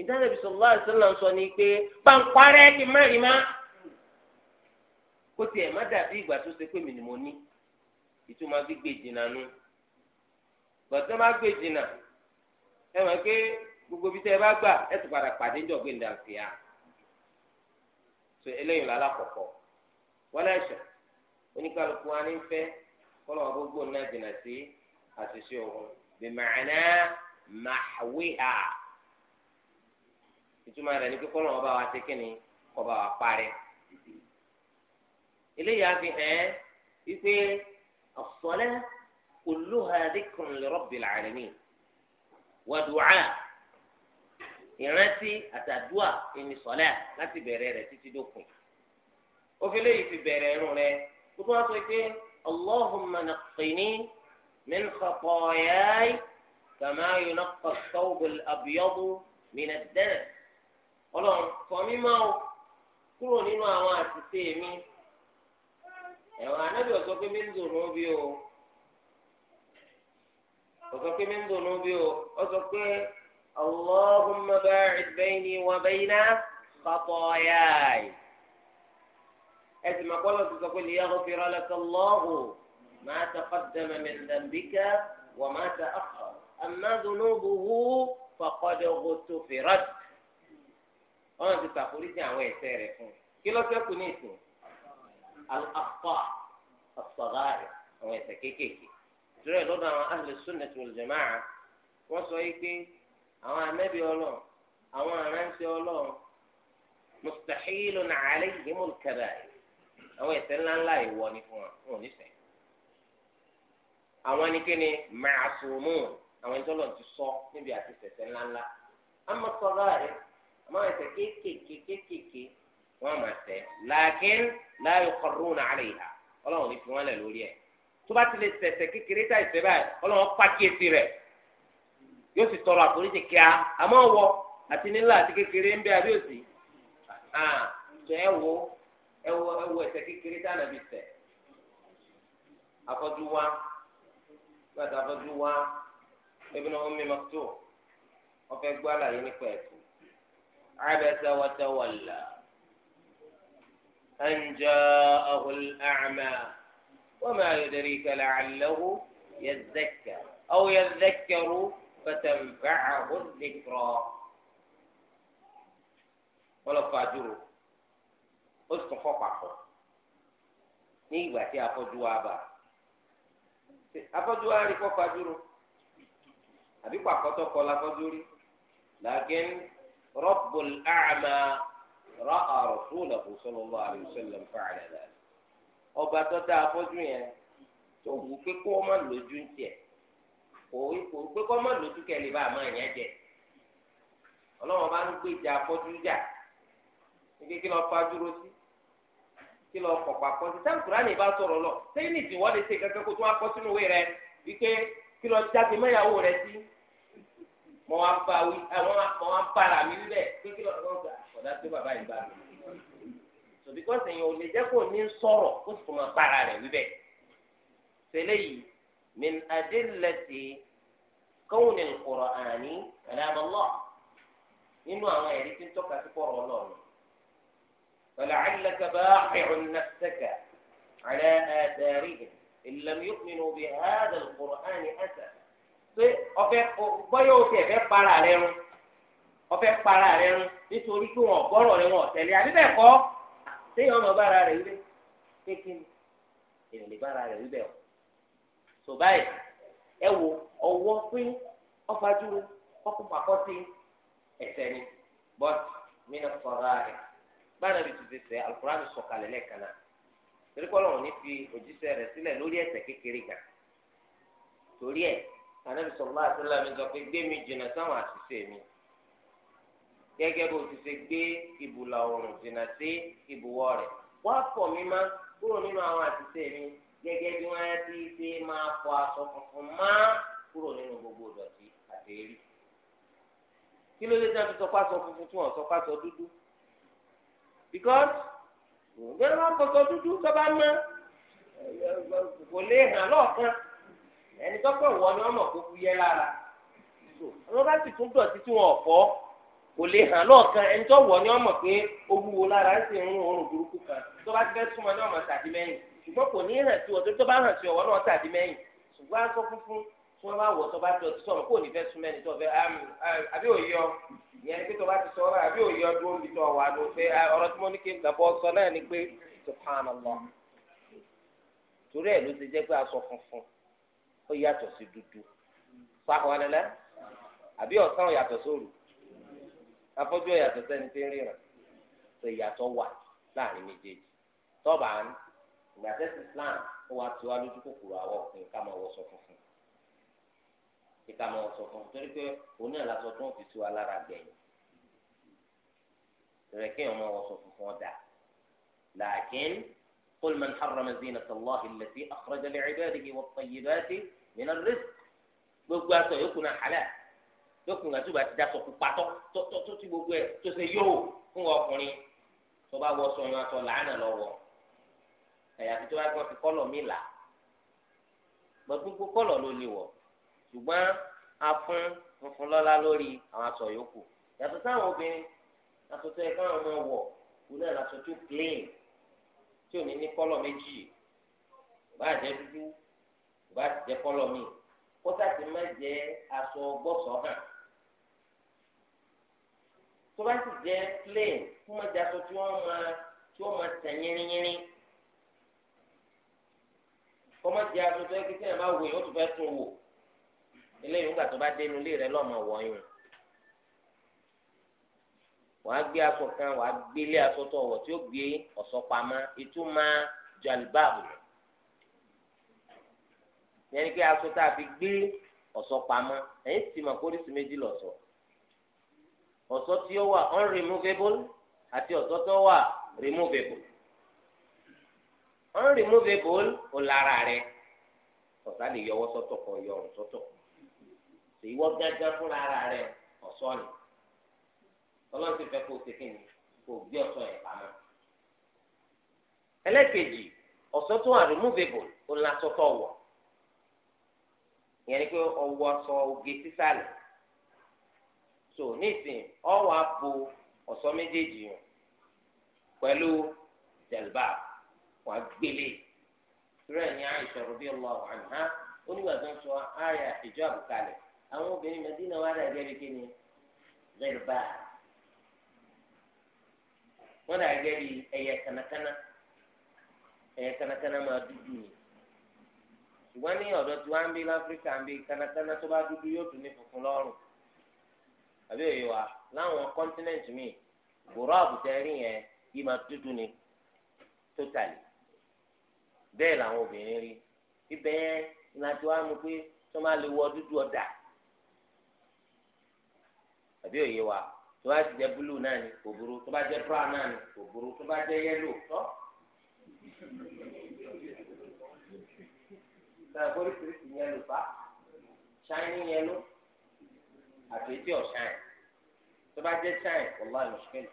ìdáná bí sọlá àṣìlá ń sọ ni pé pàǹparẹ́ kì mẹ́rin má kó tiẹ̀ má dàbí ìgbà tó ṣe pé mi ni mo ní ìtumọ̀ gbígbé jìnnà nu gbọ̀dọ̀ má gbé jìnnà ẹ mọ̀ pé gbogbo ibi tẹ́ ẹ bá gbà ẹ sì padà pàdé jọ̀gbìn dàgbìyà eléyìí lọ alákọ̀ọ́kọ́ wọlé ẹ̀ṣẹ̀ oníkàlùkù wa ní fẹ́ kọ́lọ́ gbogbo náà màwíhà ìtumọ̀ rẹ̀ ní pé kọ́lọ́ ọba wa ṣe kíni ọba wa parẹ́ eléyà fi hàn ẹ́ wípé ọ̀sọ́lẹ́ kulluha dhikrun li rabbil alamin wa du'a ìrántí àtàdúà ìnísọ̀lẹ́ láti bẹ̀rẹ̀ rẹ̀ títí dókun òfin léyìí fi bẹ̀rẹ̀ irun rẹ̀ tó bá sọ pé allahumma naqqini min khataayai. كما ينقى الثوب الأبيض من الدنس ọlọ́run fọ mí mọ́ o kúrò nínú àwọn àtìsé mi ẹ̀wọ̀n anábì ọ̀sọ́ pé mi ń dùn ún bí o ọ̀sọ́ pé mi ń dùn ún bí o ọ̀sọ́ pé allahumma ba'id bayni wa bayna khatayaya ẹ sì máa kọ́lọ́ ti sọ pé lè yaghfira laka Allahu ma taqaddama min dhanbika wa ma ta'akhkhara. amádunubuhu faqad ghuffirat Ọlọ́run ti ṣàforíjì àwọn ẹ̀ṣẹ̀ rẹ̀ fún un kí ló ṣẹ́kù ní ìsìn al-akhta as-sagha'ir àwọn ẹ̀ṣẹ̀ kéékèèké ìtura ẹ lọ́dọ̀ àwọn ahlu sunnah wal jamaa'ah wọ́n sọ yìí pé àwọn ànábì Ọlọ́run àwọn aránṣẹ́ Ọlọ́run mustahilun alayhimul kaba'ir àwọn ẹ̀ṣẹ̀ ńláńlá ìwọ ni fún wọn wọn ò ní ṣẹ̀ àwọn ni kí ni ma'sumun àwọn ẹni tọ́lọ̀ ti sọ níbi àti sẹ̀sẹ̀ ńláńlá àmọ́ sọ̀rọ̀ rẹ̀ àmọ́ ẹ̀sẹ̀ kéékèèké kéékèèké wọ́n máa tẹ̀ làákín láàyò kọ̀rún àárẹ̀ ìhà ọlọ́run ní fi wọ́n lẹ̀ lórí ẹ̀ tó bá ti lè sẹ̀sẹ̀ kékeré tá ìfẹ́ báyìí ọlọ́run pàkíyèsí rẹ̀ yóò sì tọrọ àforíjì kíá àmọ́ wọ àti nílà àti kékeré ń bẹ àbíòsì tó ẹ wo ابن أم مكتوم وفي قبالة ينفعت عبس وتولى أن جاءه الأعمى وما يدريك لعله يذكر أو يذكر فتنفعه الذكرى ولا فاجر استفقه نيبا تي أفجوا أبا أفجوا أريكو فاجروا àbí pàkọ́tọ̀ kọ́ la fọ́jú rí làákín rabbul a'ma ra'a rasulahu sallallahu alaihi wasallam fa'ala dhalik ọba tó dá afọ́jú yẹn tó wù pé kó má lójú ń tiẹ̀ kò kò pé kó má lójú kẹ́lẹ́ bá a máa yẹn jẹ ọlọ́wọ́n bá ń gbé ìjà afọ́jú jà ní kí lọ́ọ́ fájúró sí kí lọ́ọ́ kọ̀pá kọ́ sí sáà bá sọ̀rọ̀ lọ sẹ́yìn ìdíwọ́ kí lọ jáde mẹ́yàwó rẹ sí mọ wá bá wí àwọn mọ wá bára mi rí bẹ́ẹ̀ pé kí lọ lọ gbà ọ̀dà tó bàbá yìí bá mi. so because èèyàn ò lè jẹ́ kó ní sọ̀rọ̀ kó sì máa bára rẹ̀ wí bẹ́ẹ̀. tẹ́lẹ̀ yìí min adillati kawni al-Qur'ani kalam Allah nínú àwọn ẹ̀rí tí ń tọ́ka sí pọ̀rọ̀ ọlọ́run. فلعلك باخع نفسك على آثارهم ìlànà yóò pinnu bí hàdà kùránì ẹsẹ pé ọfẹ gbọyọ òkè ẹfẹ para rẹ rún ọfẹ para rẹ rún nítorí pé wọn gbọrọ rẹ wọn tẹlẹ àbí bẹ́ẹ̀ kọ́ séyìn ọmọ bára rẹ wílé kékeré èèyàn lè bára rẹ wíbẹ o tó báyìí ẹ wo ọwọ́ pé ọfàdúró ọkùn pàkọsí ẹsẹ ni bọt mí náà sọ̀rọ̀ rẹ báyìí náà bí tuntun alukóra mi sọ̀kalẹ̀ lẹ́ẹ̀kan náà torí pé ọlọ́run ní fi òjíṣẹ́ rẹ̀ sílẹ̀ lórí ẹ̀ṣẹ̀ kékeré gà torí ẹ̀ anabi sallallahu alaihi wasallam sọ pé gbé mi jìnnà sáwọn àṣìṣe mi gẹ́gẹ́ bó ti ṣe gbé ìbùlà oòrùn jìnnà sí ìbùwọ̀ rẹ̀ wá fọ̀ mí má kúrò nínú àwọn àṣìṣe mi gẹ́gẹ́ bí wọ́n ti ṣe máa fọ aṣọ funfun má kúrò nínú gbogbo ìdọ̀tí àti èrí kí ló dé tí wọ́n fi sọ pásọ funfun tí wọ́n sọ pásọ dúdú because bẹ́ẹ̀ máa kọsọ dúdú kọba mọ kò lè hàn lọọkan ẹni tó pẹ wọ ni wọn mọ kókó yẹ lára wọn bá sì tún dọ̀tí tí wọn ọ̀fọ́ kò lè hàn lọ́ọ̀kan ẹni tó wọ̀ ni wọ́n mọ̀ pé ó wúwo lára ẹ̀ sì ń rún òórùn burúkú kan tó bá ti fẹ́ súnmọ́ ní ọmọ tàbí mẹ́yìn ṣùgbọ́n kò ní hàn sí ọ tó bá hàn sí ọwọ́ náà tàbí mẹ́yìn ṣùgbọ́n aṣọ funfun tí wọ́n bá wọ̀ tó bá tó sọ̀rọ̀ kó o ní fẹ́ súnmọ́ ẹni tó fẹ́ um, um, àbí òye ọ ìyẹn ni pé tó bá ti sọ̀rọ̀ àbí òye ọ dúró níbi tó wà ló pé um, ọ̀rọ̀ tí mo ní kí n gbàgbọ́ sọ náà ni pé subhanallah torí ẹ̀ ló ti jẹ́ pé aṣọ funfun ó yàtọ̀ sí dúdú sáwọn ẹlẹ́ àbí ọ̀sán yàtọ̀ sóòrù afọ́jú yàtọ̀ sẹ́ni tí ń ríran tó ìyàtọ̀ wà láàrin méjèèjì tọ́ba ìgbà tẹ́sí Islam ó wá tiwa lójú kòkòrò àwọn ọkùnrin ká máa wọṣọ funfun kíkà máa sọ fún un torí pé òun náà lásọ tó ń fi sí wa lára gbẹ̀yìn rẹ̀ kéèyàn máa wọṣọ funfun ọ̀dà làákín قل من حرم زينة الله التي أخرج لعباده والطيبات من الرزق gbogbo aṣọ yòókù náà halal yòókù náà tó ti daṣọ pupa tó tó tó ti gbogbo ẹ tó ṣe yóò fún ọkùnrin tó bá wọ sọyún aṣọ làánà lọ́wọ́ ẹyà tó bá gbọ́ fi kọ́lọ̀ mi là gbogbo kọ́lọ̀ ló lè wọ̀ ṣùgbọ́n a fún funfun lọ́lá lórí àwọn aṣọ yòókù yàtọ̀ sáwọn obìnrin aṣọ tó yẹ káwọn máa wọ̀ kú náà aṣọ tó clean tí ò ní ní kọ́lọ̀ méjì bá jẹ́ dúdú bá jẹ́ kọ́lọ̀ míì kó sàtì má jẹ́ aṣọ gbọ́sọ̀ hàn tó bá sì jẹ́ plain kó má jẹ́ aṣọ tí wọ́n máa tí wọ́n máa tẹ̀ yínrínyínrín kó má aṣọ tó yẹ kí sẹ́yìn bá wò yẹn ó tún fẹ́ tún wò eléyìí nígbà tó bá dé inú ilé rẹ lọ́mọ wọ̀nyún wàá gbé aṣọ kan wàá gbélé aṣọ tó ọwọ́ tí ó gbé ọ̀ṣọ́ pamọ́ ìtumọ̀ jalibaabu lọ yẹn ni pé aṣọ tá a fi gbé ọ̀ṣọ́ pamọ́ ẹ̀yìn sì mọ̀ pólísì méjì lọ̀ṣọ́ ọ̀ṣọ́ tí ó wà unremovable àti ọ̀ṣọ́ tó wà removable unremovable ò lára rẹ ọ̀sá lè yọwọ́ sọ́tọ̀ kọ yọ sọ́tọ̀ kọ ìwọ gẹ́gẹ́ fúnra ara rẹ ọ̀ṣọ́ ni ọlọ́run ti fẹ́ kó o ṣe kí ni kó o gbé ọ̀ṣọ́ yẹn pamọ́. ẹlẹ́kejì ọ̀ṣọ́ tó wà removable ó ńlá sọ́tọ̀ wọ̀ ìyẹn ni pé ọwọ́ sọ oge sísàlẹ̀ so nísìn ọwọ́ àpò ọ̀ṣọ́ méjèèjì yẹn pẹ̀lú jẹ̀lbà wàá gbélé rẹ̀ ní àìsàn rẹ̀ bí àná ó nígbà tó ń sọ àyà ìjọ àbùkalẹ̀ àwọn obìnrin mẹdínà wà dàbí ẹbí kíni rẹba wọn dàbí ẹbí ẹyẹ kànákànná ẹyẹ kànákànná máa dúdú ni ṣùgbọ́n ní ọ̀dọ̀ tí wọ́n ń bí láfíríkà ń bí kànákànná tó bá dúdú yóò tún ní funfun lọ́rùn àbí òye wa láwọn kọ́ńtínẹ̀ǹtì míì bùrọ̀ àbùtẹ́ rí yẹn yìí máa dúdú ni tótàlì bẹ́ẹ̀ làwọn obìnrin rí ibẹ̀ yẹn ìlànà tí wọ́n á mú pé tó máa lè wọ dúdú ọ̀dà àbí òye wa tó bá jẹ búlù náà ni kò burú tó bá jẹ brown náà ni kò burú tó bá jẹ yẹlò tọ. sọ oríṣiríṣi yẹlò fa ṣáínì yẹlò àti etí ọ̀ṣáìn tó bá jẹ ṣáìn wọlá ìmọ̀ṣẹ́kẹ́lì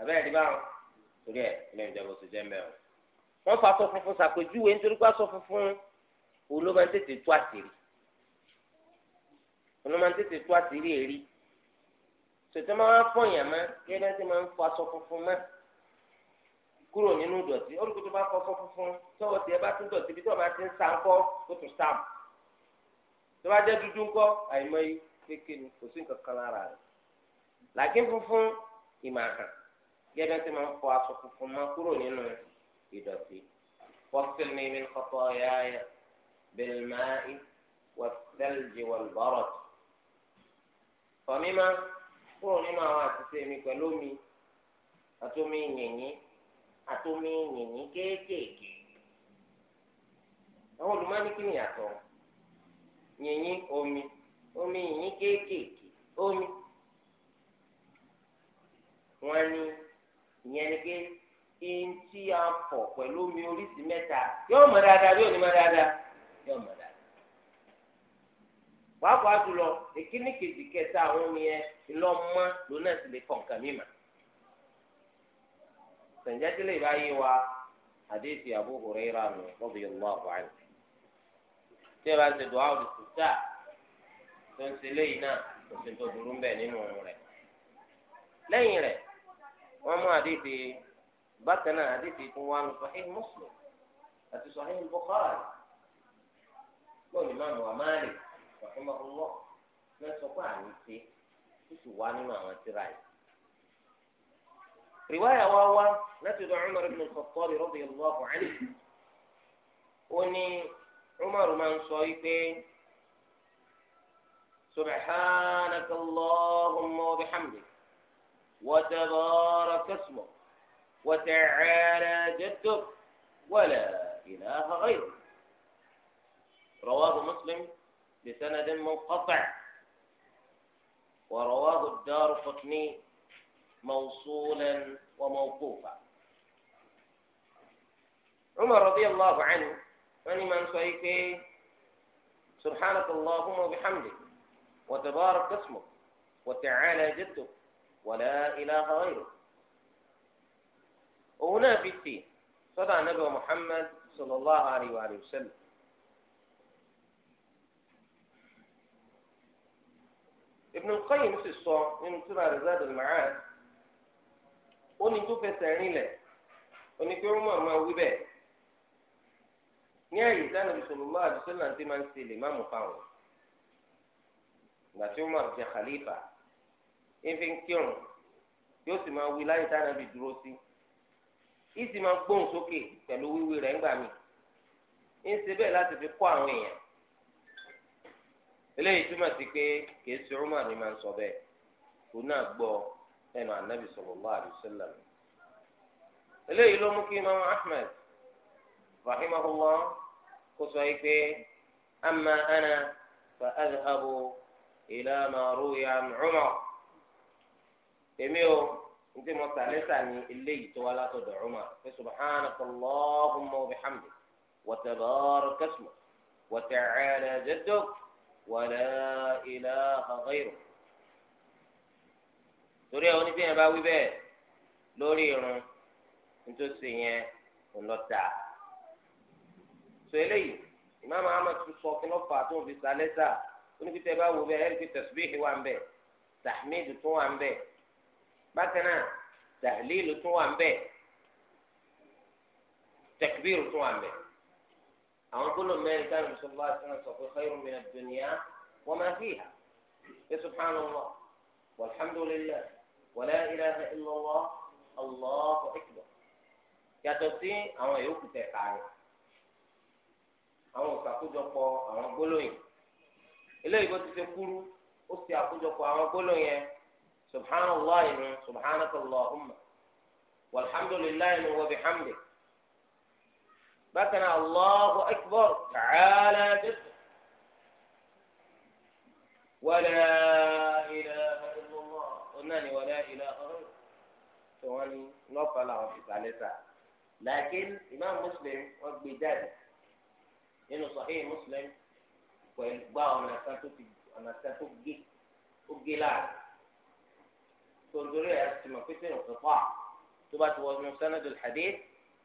àbẹ́ ẹ̀dí báwọn torí ẹ̀ ilé ìjọba oṣù jẹ́ mẹ́rin wọ́n fa aṣọ funfun ṣàpèjúwe nítorí pé aṣọ funfun olóba tètè tú àṣírí ònà máa ń tètè tó àtìrí èrí tètè máa wá fọyàn mọ kéde tí máa ń fọ aṣọ funfun mọ kúrò nínú dọ̀tí olùkó tó bá fọ aṣọ funfun tọwọ́ tiẹ̀ bá tún dọ̀tí bí tọ́wọ́ bá ti ń sa ńkọ́ ó tún sáàmù tó bá jẹ́ dúdú ńkọ́ àìmọ́ yìí kékeré ni kò sí nǹkan kan lára rẹ̀ làákín funfun ìmọ̀ àhàn kéde tí máa ń fọ aṣọ funfun mọ kúrò nínú ìdọ̀tí wasilni min khatayaaya bil maa'i wath-thalji wal barad fọmímá kúrò nínú àwọn àtúnṣe mi pẹ̀lú omi àtomi yìnyín àtomi yìnyín kéékèèké àwọn olùmọ́nìkì ni yàtọ̀ yìnyín omi omi yìnyín kéékèèké omi wọn ni ìyẹn ni pé tí a fọ̀ pẹ̀lú omi oríṣi mẹ́ta yóò mọ dáadáa yóò ní mọ dáadáa yóò pàápàá jùlọ èkíní kejì kẹta àwọn omiẹ ńlọ mọ lónà sì lè kàn kàn mí mà. ìbáyé wa àdéhìí Abu Hurairah nù radiyallahu anhu. tí ẹ bá ti dùn áwòrán tó tó ń ṣe léyìí náà kò sí tó burú bẹ́ẹ̀ nínú rẹ̀. lẹ́yìn rẹ̀ wọ́n mú bákan náà tó wà àti رحمه الله lọ́sọ̀kọ́ àmì ṣe ó sì wá nínú رواية واوا نتد عمر بن الخطاب رضي الله عنه وني عمر من صيبين سبحانك اللهم وبحمدك وتبارك اسمك وتعالى جدك ولا إله غيرك رواه مسلم بسند منقطع ورواه الدار قطني موصولا وموقوفا عمر رضي الله عنه فني من سيكي سبحانك اللهم وبحمدك وتبارك اسمك وتعالى جدك ولا إله غيرك وهنا في الدين صدى النبي محمد صلى الله عليه وآله وسلم Ibn al-Qayyim sì sọ nínú tírà rẹ̀ Zadul Ma'ad ó ní tó fẹsẹ̀ rinlẹ̀ ó ní pé Umar máa wí bẹ́ẹ̀ ní àyè sáà nàbì sallallahu alaihi wasallam ti máa ń ṣe lè má mú fáwọn ìgbà tí Umar jẹ khalifa efi ń kírun yóò sì máa wí láyé sáà nàbì dúró sí yìí máa gbóhùn sókè pẹ̀lú wíwí rẹ̀ ńgbà mí ń ṣe bẹ́ẹ̀ láti fi kọ́ àwọn èèyàn eléyìí túmọ̀ sí pé kèésì ọmọ Umar máa ń sọ bẹ́ẹ̀ kò náà gbọ́ ẹnu anabi sọ̀rọ̀ sallallahu sẹ́lẹ̀ wasallam eléyìí ló mú kí imam ahmed rahimahullah kó sọ yìí pé ama ana fa adhabu ila ma ya an Umar èmi o ntí mo sàlẹ́sà ni eléyìí tó wá látọ̀dọ̀ Umar fi subhanaka Allahumma wa bihamdik wa tabarakasmuk wa ta'ala jadduk. ولا إله غيره torí àwọn oníbíyẹn bá wí bẹ́ẹ̀ lórí irun nítòsí yẹn kò lọ tà so eléyìí ìmáàmù ahmed tún sọ kí lọ́ọ́ fà tó ń fi sálẹ́ sà oníkìtẹ́ bá wò bẹ́ẹ̀ ẹ̀rí pé tẹ̀síbíhì wà ń bẹ̀ tahmid tún wà ń bẹ̀ bákan náà tahlil tún wà ń bẹ̀ tẹ̀kbír tún wà ń bẹ̀ àwọn gbọ́dọ̀ mẹ́rin káàdì mùsùlùmí àti náà sọ pé xeyiru mi àdùnìyà wọ́n máa fi hà pé subhanallah walhamdulillah wàlá ilaha illallah allahu akbar yàtọ̀ sí àwọn yòókù tẹ̀ káàdì àwọn òsàkójọpọ̀ àwọn gbólóyìn eléyìí bó ti ṣe kúrú ó ṣe àkójọpọ̀ àwọn gbólóyìn yẹn subhanallah inú subhanakallahumma walhamdulillah inú wa bihamdihi. بكنا الله أكبر تعالى جدا ولا إله إلا الله قلناني ولا إله غيره ثواني نقل عن ثالثة لكن إمام مسلم وقبي ذلك إنه صحيح مسلم وإن بعض من أسانتو تبقي لعنة تنظر إلى أسلم في سنة القطاع تبقى توزن سند الحديث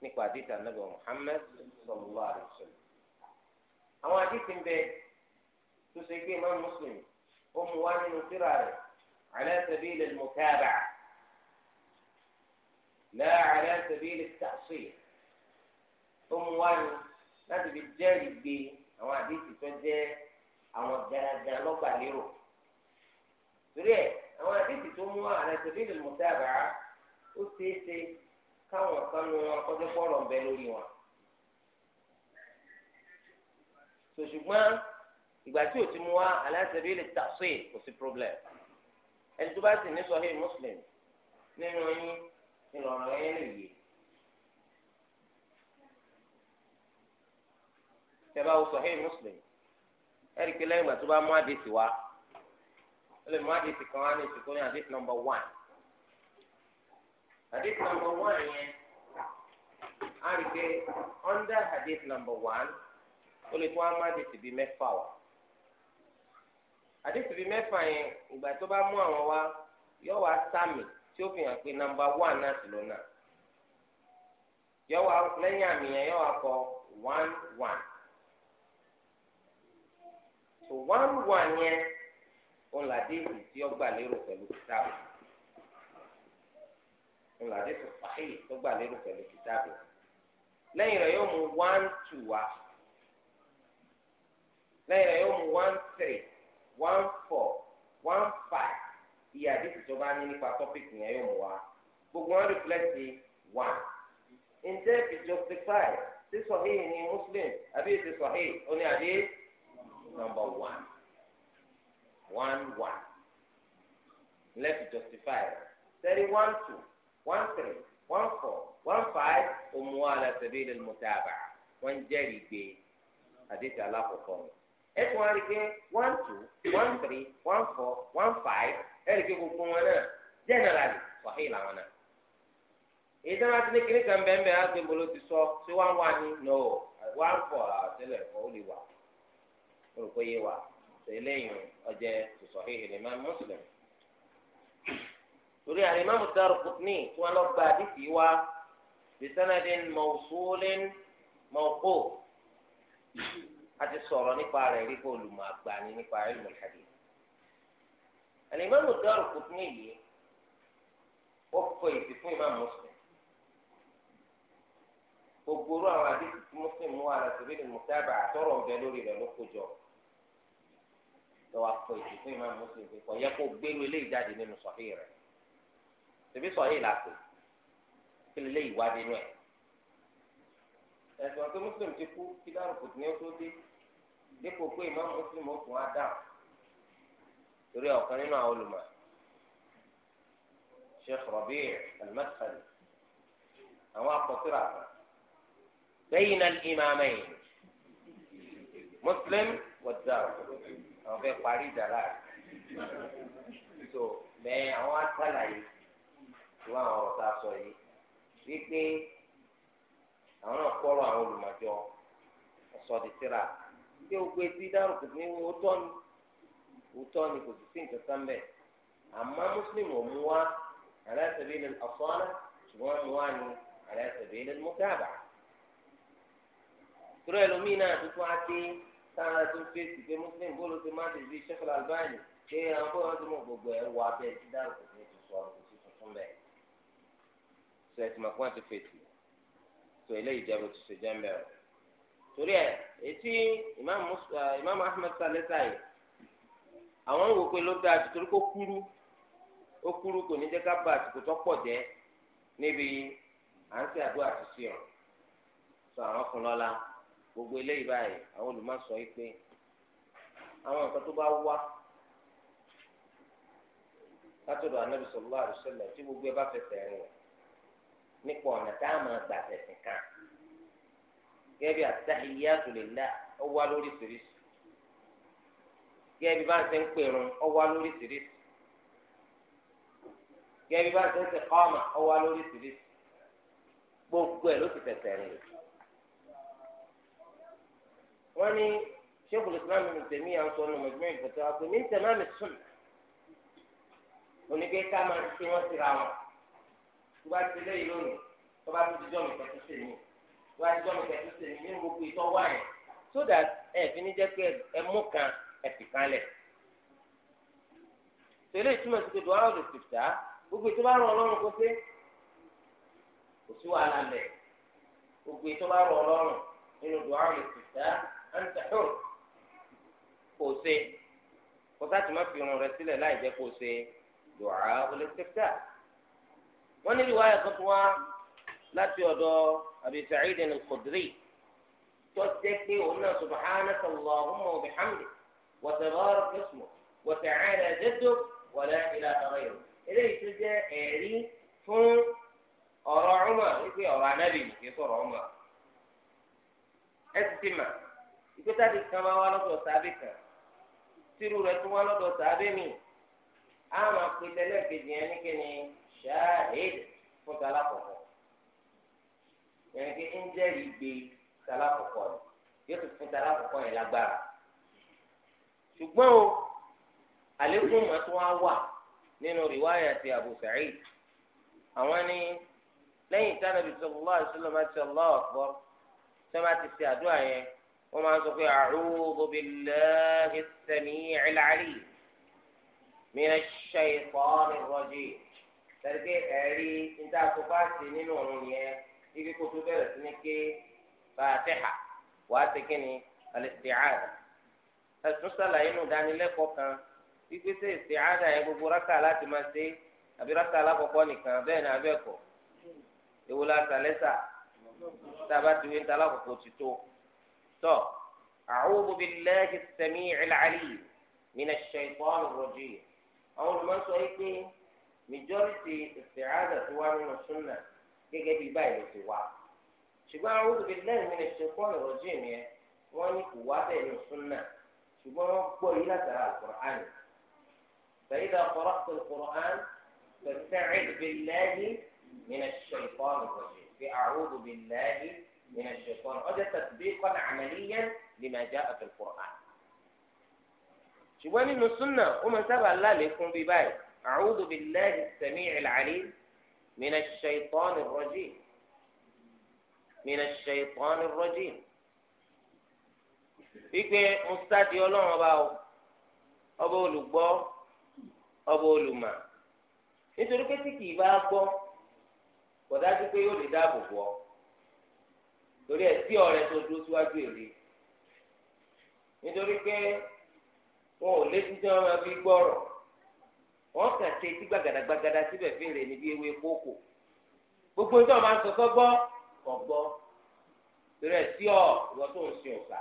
nípa àdìsí ànábì Muhammad sallallahu alaihi wasallam àwọn àdìsí ń bẹ tó ṣe gbé imam Muslim ó mú wá nínú síra rẹ̀ ala sabil al-mutaba'a la ala sabil at-ta'sil ó mú wá ní láti fi jẹ́rìí gbé àwọn àdìsí tó jẹ́ àwọn garagan lọ́gbà lérò torí ẹ̀ àwọn àdìsí tó mú wá ala sabil al ó ṣeé ṣe káwọn kan ló wọn kọjá pọ̀rọ̀ ń bẹ lórí wọn. sòṣùgbọ́n ìgbà tí ò ti mú wa aláṣẹbí lè tàṣe kò sí problem ẹni tó bá sì ní sọ hey muslim nínú yín ìlọrin yẹn lè yé. tẹ́lá o sọ hey muslim ẹ̀rí pé lẹ́yìn ìgbà tó bá mú àdéhìí wa ó lè mú àdéhìí kan wá ní ìsìnkú ní àdéhìí nọmba one. hadith number one a rí pé under hadith number one ó lè kó amádìsí bíi mẹ́fà wá hadith bíi mẹ́fà yẹn tí number one náà sì kọ one one so one one ìlànà tó fàáyì tó gbà lérò pẹ̀lú kìtàbù lẹ́yìn rẹ̀ yóò mú one two wá lẹ́yìn rẹ̀ yóò mú one three one four one five iye àdìsí tó bá ní nípa tọ́pìkì yẹn yóò mú wá gbogbo wọn rìflẹ́tì one ǹjẹ́ ìjọsìfáì sí sọ̀hìn ní muslim àbí èsì sọ̀hìn ó ní àbí number one one one lẹ́fì justify thirty one two one three one four one five òmùwà àlàsẹ̀bí ilẹ̀ mùtàbà wọ́n ń jẹ́rìí gbé àdéhùn alákọ̀ọ́kọ́ mi. ẹ tún wá rí i pé one two one three one four one five ẹ rí i pé gbogbo wọn náà generally sahih làwọn náà. èyí tí wọ́n ti ní kíní kan bẹ́ẹ̀ bẹ́ẹ̀ ń bolo ti sọ ṣé one one ni no one four àtẹlẹ̀ fọ́ ó lè wà ó rò pé yé wa eléyìí ọjẹ́ sahih Imam Muslim torí al-Imam ad-Daraqutni tí wọ́n lọ gba àdìsí wa bi sanadin mawsulin mawquf a ti sọ̀rọ̀ nípa rẹ̀ rí kó olùmọ̀ àgbà ni nípa ilmul hadith. al-Imam ad-Daraqutni yìí ó kọ ìsì fún Imam Muslim gbogbo orú àwọn àdìsí tí Muslim mú ara tòbí ni mùtábà àtọ́rọ̀ ọ̀bẹ lórí rẹ̀ ló kó lọ́wọ́ kọ ìsì fún Imam Muslim tẹbi sọ yìí làkè kí lè lé ìwádìí nù ẹ ẹsùn àti muslim ti kú kí dárò kò ní tó dé dípò pé ìmọ̀ muslim ó tún á dà torí ọ̀kan nínú àwọn olùmọ̀ sheikh rabi' al-madkhali àwọn akọ̀tìrà kan bẹ́yìn náà ìmàmẹ́yìn muslim wọ́dà àwọn fẹ́ parí ìdàrà so bẹ́ẹ̀ àwọn àtàlàyé ìwà àwọn ọ̀rọ̀ tá a sọ yìí wípé àwọn náà kọ́rọ̀ àwọn olùmọ̀jọ ọ̀sọ̀dìtìrà pé gbogbo etí dárúkú ní òótọ́ ni òótọ́ ni kò sì sí nǹkan kan bẹ́ẹ̀ àmọ́ mùsùlùmí ò mú wá àlàyé ní ọ̀sọ́nà ṣùgbọ́n mú wá ní àlàyé ní mọ́tàbà. tùrọ̀ ẹlòmíín náà tuntun á dé sára tó fèsì pé mùsùlùmí bóòlù ti má ti di sẹ́kọ̀lá albáyé pé àwọn bóòlù ti mú gbogbo ẹ̀ wọ abẹ́ etí dárúkú ní tuntun sí tuntun bẹ́ẹ̀ sẹ̀tì mọ̀ fún àti fèsì tó eléyìí jẹ́ bó ti ṣe jẹ́ mbẹ́ o. torí ẹ̀ etí imam ahmed salisa yìí àwọn wò pé ló dáa ju torí kó kúrú ó kúrú kò ní jẹ́ ká bá àsìkò tó pọ̀ jẹ́ níbi à ń ṣe àdúrà tó sí ọ̀ sọ àwọn fún lọ́la gbogbo eléyìí báyìí àwọn olùmọ̀sọ yìí pé àwọn nǹkan tó bá wá látọ̀dọ̀ anábìsọ̀ lọ́wọ́ àdúṣẹ́lẹ̀ tí gbogbo ẹ bá fẹsẹ̀ rìn nípa ọ̀nà tá a máa gbà tẹ̀sìn kan gẹ́gẹ́ bí àtàhíyàtù la ó wá lóríṣiríṣi gẹ́gẹ́ bí bá ń ṣe ń pèrún ó wá lóríṣiríṣi gẹ́gẹ́ bí bá ń ṣe ń ṣe kọ́ọ̀mà ó wá lóríṣiríṣi gbogbo ẹ̀ ló ti tẹ̀sẹ̀ rìn wọ́n ní sheikh islam ibn tèmíyà ń sọ ọ́nà mọ̀júmọ́ ìfọ̀tọ́ àpò ní tó bá ti lẹ́yìn lónìí tó bá tún ti jọ́ mi kẹ́tù sí mi tó jọ́ mi kẹ́tù sí mi nínú gbogbo ìtọ́ wà yẹn so that ẹ fi ní jẹ́ pé ẹ mú kan ẹ fi kan lẹ̀. tẹ̀lé ìtumọ̀ sí pé dùn áwọ̀ lè fìtà gbogbo ìtọ́ bá rọ ọlọ́run kó sé kò sí wàhálà lẹ̀ gbogbo ìtọ́ bá rọ ọlọ́run nínú dùn áwọ̀ lè á ń tẹ̀ kò sé kò sáà tí fi irun rẹ sílẹ̀ láì jẹ́ kó sé dùn áwọ̀ lè wọ́n ní riwaya kan tó wá láti ọ̀dọ̀ Abi Sa'id al-Khudri tó jẹ́ pé òun náà subhanaka Allahumma wa bihamdik wa tabaraka ismuk wa ta'ala jadduk wa la ilaha ghayruk eléyìí tó jẹ́ ẹ̀rí fún ọ̀rọ̀ Umar wípé ọ̀rọ̀ anábì kìí sọ̀rọ̀ Umar ẹ ti ti mà ìgbésàdì kan máa wá lọ́dọ̀ sábẹ́ kan tírú rẹ̀ tún wá lọ́dọ̀ sábẹ́ mi àwọn àpèjẹ lẹ́ẹ̀kejì ní kíni ṣáàhìd fún talakọ̀kọ̀ yẹn kí ń jẹ́rìí gbé talakọ̀kọ̀ ni yóò tún fún talakọ̀kọ̀ yẹn lágbára ṣùgbọ́n o àlékún mọ́tò wa wà nínú rìwáyà ti Abu Sa'id àwọn ni lẹ́yìn tánàbí sallallahu alaihi wasallam àti Allahu akbar tí wọ́n ti ṣe àdúrà yẹn wọ́n máa ń sọ pé a'udhu billahi as-sami'il 'alim minash shaytanir rajim tẹ̀lé ẹ̀rí níta àkókò àti nínú òun yẹn ibi kó tó bẹ̀rẹ̀ sí ní ké Fatiha wàá ti kí ni al-isti'adha ẹ̀sùn sàlàyé nù dánilẹ́kọ̀ọ́ kan wípé ṣe isti'adha yẹn gbogbo rákà láti máa ṣe àbí rákà alákọ̀ọ́kọ́ nìkan bẹ́ẹ̀ ni abẹ́ẹ̀kọ́ ewu la sàlẹ́sà tába ti wí ní alákọ̀ọ́kọ́ ti tó tọ́ a'udhu billahi as-sami'il 'alim majority ìsìnàdà tó wá nínú súnà gẹ́gẹ́ bí báyìí ló ti wá ṣùgbọ́n àwọn olùgbé lẹ́yìn mi lè ṣe kọ́ ọ̀rọ̀ jìn yẹn wọ́n ní kò wá bẹ́ẹ̀ nínú súnà ṣùgbọ́n wọ́n gbọ́ yìí látara alukur'an fẹ̀yìdà kọ́rọ́kọ̀ alukur'an fẹ̀sẹ̀rẹ̀ bìláyì nínú ṣèkọ́ ọ̀rọ̀ jìn fi àwọn olùgbé lẹ́yìn من الشيطان وده تطبيقا عمليا لما جاء في القرآن شوفوا السنة ومن سبع أعوذ بالله السميع العليم من الشيطان الرجيم من الشيطان الرجيم wípé mustadi ọlọ́run ọba o ọba olùgbọ́ ọba olùmọ̀ nítorí pé tí kìí bá gbọ́ kò dájú pé yóò lè dáàbò bò torí ẹ̀ tí ọ̀rẹ́ tó dúró síwájú èrè nítorí pé wọn ò létí tí wọn máa fi gbọ́rọ̀ wọ́n kàn ṣe tí gbàgàdàgbàgàdà síbẹ̀ fèrè níbi ewé kókò gbogbo nítorí máa ń sọ sọ́gbọ́ ọ̀gbọ́ rẹ̀ sí ọ̀ ìwọ tó ń sin ọ̀sà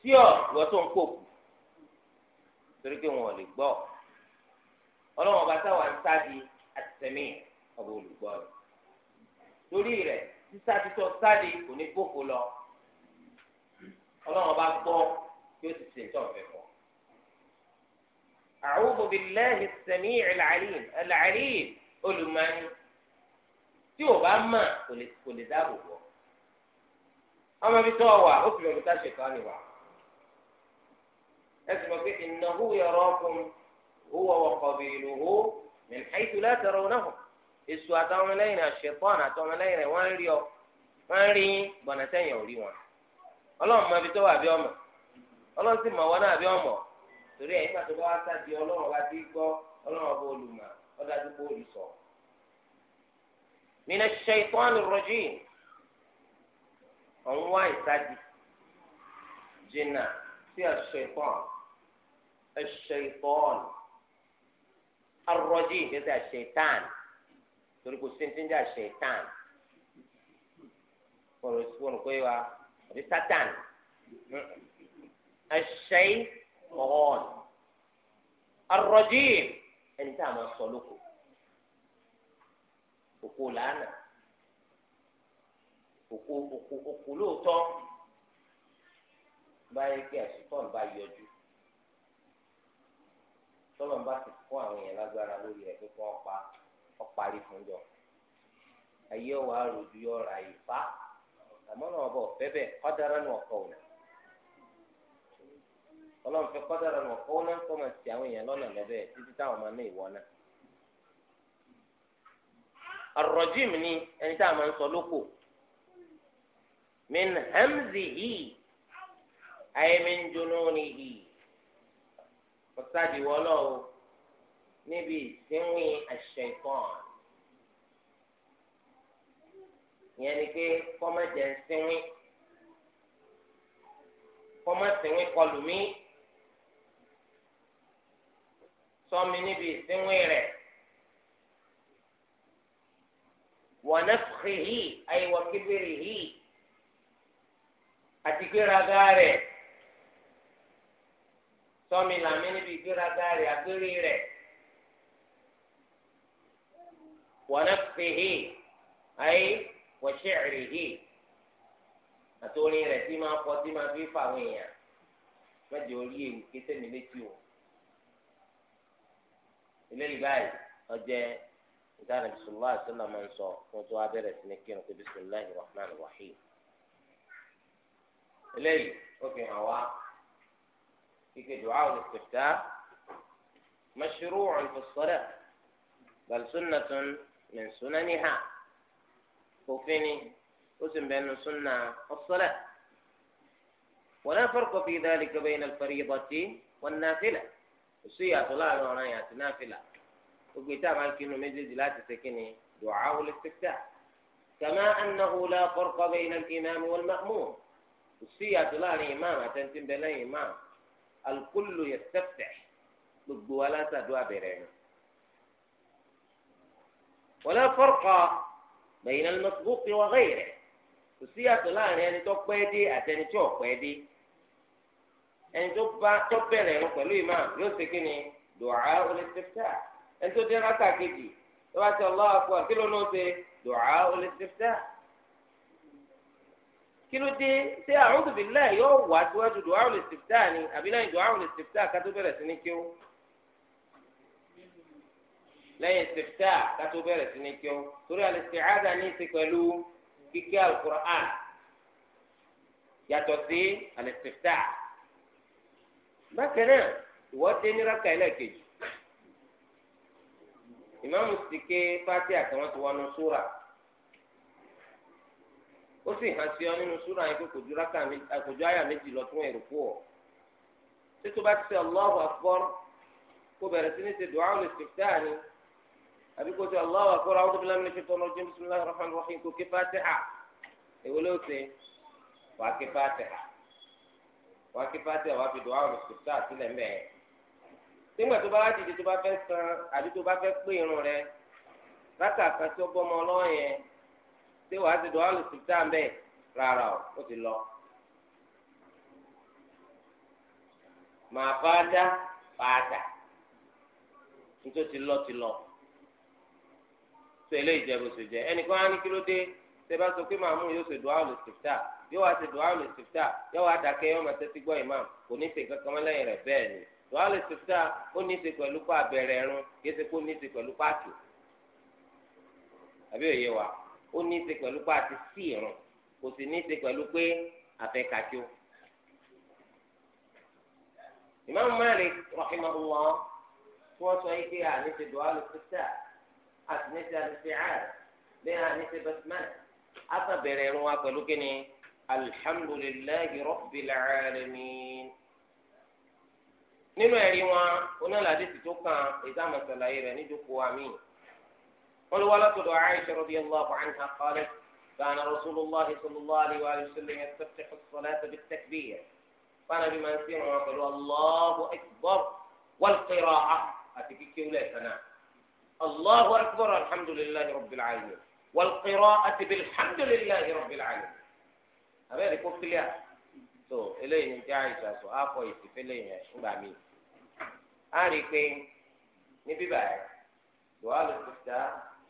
sí ọ̀ ìwọ tó ń pòkù torí pé wọn ò lè gbọ́ ọlọ́wọ́n bá sáwà ń sáàdì àtìsẹ́mì ọ̀bọ̀ olùgbọ́ rẹ̀ torí rẹ̀ sísáàdì tó sáàdì kò ní gbòkó lọ ọlọ́wọ́n bá gbọ́ yóò ti ṣe ìtọ́ ọ̀fẹ́ fún a'udhu billahi as-sami' al-'alim al-'alim olùmọ̀ọ́ni tí o bá mọ̀ kò lè dáàbò bọ̀ ọmọ ibi tó o wà ó fi lọ́ọ́ dáṣe kan ni wà ẹ sì mọ̀ pé innahu yarakum huwa wa qabiluhu min haythu la tarawnahum èso àtàwọn ọmọlẹ́yìn rẹ̀ ṣẹ̀tọ́n àtàwọn ọmọlẹ́yìn rẹ̀ wọ́n ń rí ọ wọ́n ń rí gbọ̀nà sẹ́yìn ò rí wọn ọlọ́run mọ̀ ibi tó wà bí ọmọ ọlọ́run sì mọ̀ wọn náà bí ọmọ torí ẹ̀yin pàtó bá wá sáàdì ọlọ́run bá ti gbọ́ ọlọ́run bó olùmọ̀ ọ̀dà àdúgbò olùsọ. mina shaytanir rajim ọ̀hún wá ìsáàdì jìnnà sí ash-shaytan ash-shaytan ar-rajim kẹsì ash-shaytan torí kò sí ti ń jẹ ash-shaytan kọ̀ọ̀rọ̀ sí wọn wa àbí sátán ash-shaytan. mọ̀hán arọ́jìn ẹni tí a máa sọ lóko òkú làánà òkú òkú òkú lóòótọ́ báyìí pé àṣìkọ́n bá yọjú tọ́lọ̀ ń bá ti fún àwọn èèyàn lágbára lórí ẹ̀ pé pa ọparí fún jọ ayé wa àmọ́ náà bọ̀ ọlọ́run fẹ́ kọ́dára lọ kó náà kọ́ máa ti àwọn èèyàn lọ́nà lọ́bẹ̀ títí táwọn máa ní ìwọ náà. arrajim ni ẹni tá a máa ń sọ lóko min hamzihi ay min jununihi ọ̀sádìwọ́ lọ́wọ́ níbi ìsínwín àṣẹ̀kọ́n ìyẹn ni pé kọ́mọ̀jẹ̀ ń sínwín kọ́mọ̀sínwín kọlù mí. sọmi níbi ìsínwín rẹ̀ wọnẹfìhì àyẹwòkébìrìhì àti gbéraga rẹ̀ sọmi làmì níbi gbéraga rẹ̀ àgbèrè rẹ̀ wọnẹfìhì àyẹwòṣẹrìhì àtòrin rẹ̀ tí máa kọ tí máa fi fà wọnyà mẹjọ orí ewu kété mi létí o. eléyìí báyìí ọjẹ ìdáná bisimilá àtúnlá máa ń sọ fún tó abẹ́rẹ́ sí ní kó bisimilá ìrọ̀hánà wáhí. eléyìí ó fi hàn wá kíkẹ́ dùn áwọn ìpìtà mashiru olùfọ̀sọ́dà balùsùnà tún lè sùnà níhà òfin kírun pé bisimilá ìrọ̀hánà wàhíì eléyìí ó fi hàn wá kíkẹ́ dùá ò lè tẹ̀tà مشروع في الصلاة بل سنة من سننها وفيني اسم بأن سنة الصلاة ولا فرق في ذلك بين الفريضة والنافلة kò sí ìyàtọ̀ láàrin ọ̀ràn yẹn àti náà fìlà gbogbo ìta máa ń kinu méjèèjì láti ṣe kíni dùn áwòl kama annahu la bẹ́ẹ̀ farqa bayna al-imam wal-ma'mum kò sí ìyàtọ̀ láàrin imam àtẹ̀ntì ń bẹ lẹ́yìn imam atenti n be leyin imam alukólu yẹ yastaftih gbogbo alásàdúrà bẹ̀rẹ̀ ni. wala farqa bayna al-masbuq wa ghayrihi kò sí ìyàtọ̀ láàrin ẹni tó pẹ́ dé àtẹni tí ò pẹ́ dé. ẹni tó bá tó bẹ̀rẹ̀ ẹ̀rọ pẹ̀lú imam yóò ṣe kí ni dùwà olùsèpítà ẹni tó dé rákà kejì tó bá ti ọlọ́wọ́ àpò kí ló náà ṣe dùwà olùsèpítà kí ló dé ṣé a'udhu billahi yóò wá síwájú dùwà olùsèpítà ni àbí lẹ́yìn dùwà olùsèpítà ká tó bẹ̀rẹ̀ sí ní kí ó lẹ́yìn sèpítà ká bẹ̀rẹ̀ sí ní kí ó torí al-isti'adha ní í pẹ̀lú kíké al bákan náà ìwọ dé ní rákà ẹlẹ́ẹ̀kejì ìmáàmù sì ké fáti àtàwọn ti wọnú súrà ó sì hàn sí ọ nínú súrà yẹn pé kò ju rákà kò ju àyà méjì lọ tún èrò kú ọ títú bá ti sẹ Allahu akbar kó bẹ̀rẹ̀ sí ní ti dùn áwọn ìsìkítà ni àbí kó ti Allahu akbar a'udhu billahi minash shaitani rajim bismillahir rahmanir rahim kó ké fáti hà èwo ló ṣe wàá ké fáti hà wàá kí fàtẹ wàá fi dùn àwọn olùsèpítà sílẹ̀ mẹ nígbà tó bá wá dìde tó bá fẹ́ san àbí tó bá fẹ́ pé irun rẹ̀ rákà kan tí ó bọmọ ọlọrin yẹn ṣé wàá ti dùn àwọn olùsèpítà mbẹ rárá o ó ti lọ. màá bá dá bàtà nítorí ti lọ ti lọ tó eléyìí jẹ bó ṣe jẹ ẹnìkan á ní kí ló dé tẹ́bá sọ pé màmú yóò ṣe dùá lè sèftà yóò wá ṣe dùá lè sèftà yóò wá dákẹ́ yóò máa tẹ́tí gbọ́ imam kò ní ṣe kankan mọ́ lẹ́yìn rẹ̀ bẹ́ẹ̀ ni dùá lè sèftà ó ní ṣe pẹ̀lú kó abẹ́rẹ́ ẹ̀rún kì í ṣe kó ní ṣe pẹ̀lú páàkì àbí òye wa ó ní ṣe pẹ̀lú páàkì sí ìrun kò sì ní ṣe pẹ̀lú pé àfẹ́kàkí o. imam Malik rahimahullah tí wọ́n sọ ṣe bẹ́ẹ̀ àní أتى بيريرو أتلوكني الحمد لله رب العالمين nínú ẹ̀rí wọn onílàdé ti tó kan ìdáhùn àtàlàyé rẹ̀ níjókòó àmì wọn ló wá látọ̀dọ̀ àìsàn rọ̀bì allahu anha qalat كان رسول الله صلى الله عليه وآله وسلم يستفتح الصلاة بالتكبير كان بما يسير وقالوا الله أكبر والقراءة أتكي كيولاتنا الله أكبر الحمد لله رب العالمين والقراءة بالحمد لله رب العالمين abẹ́rẹ́ kó kílíà tó eléyìí ní jáìsà sọ àpò ìsìfẹ́lẹ̀ yẹn ńgbà mí. a rí i pé ní bíbà ẹ̀ lọ́wọ́ àlùfíìsà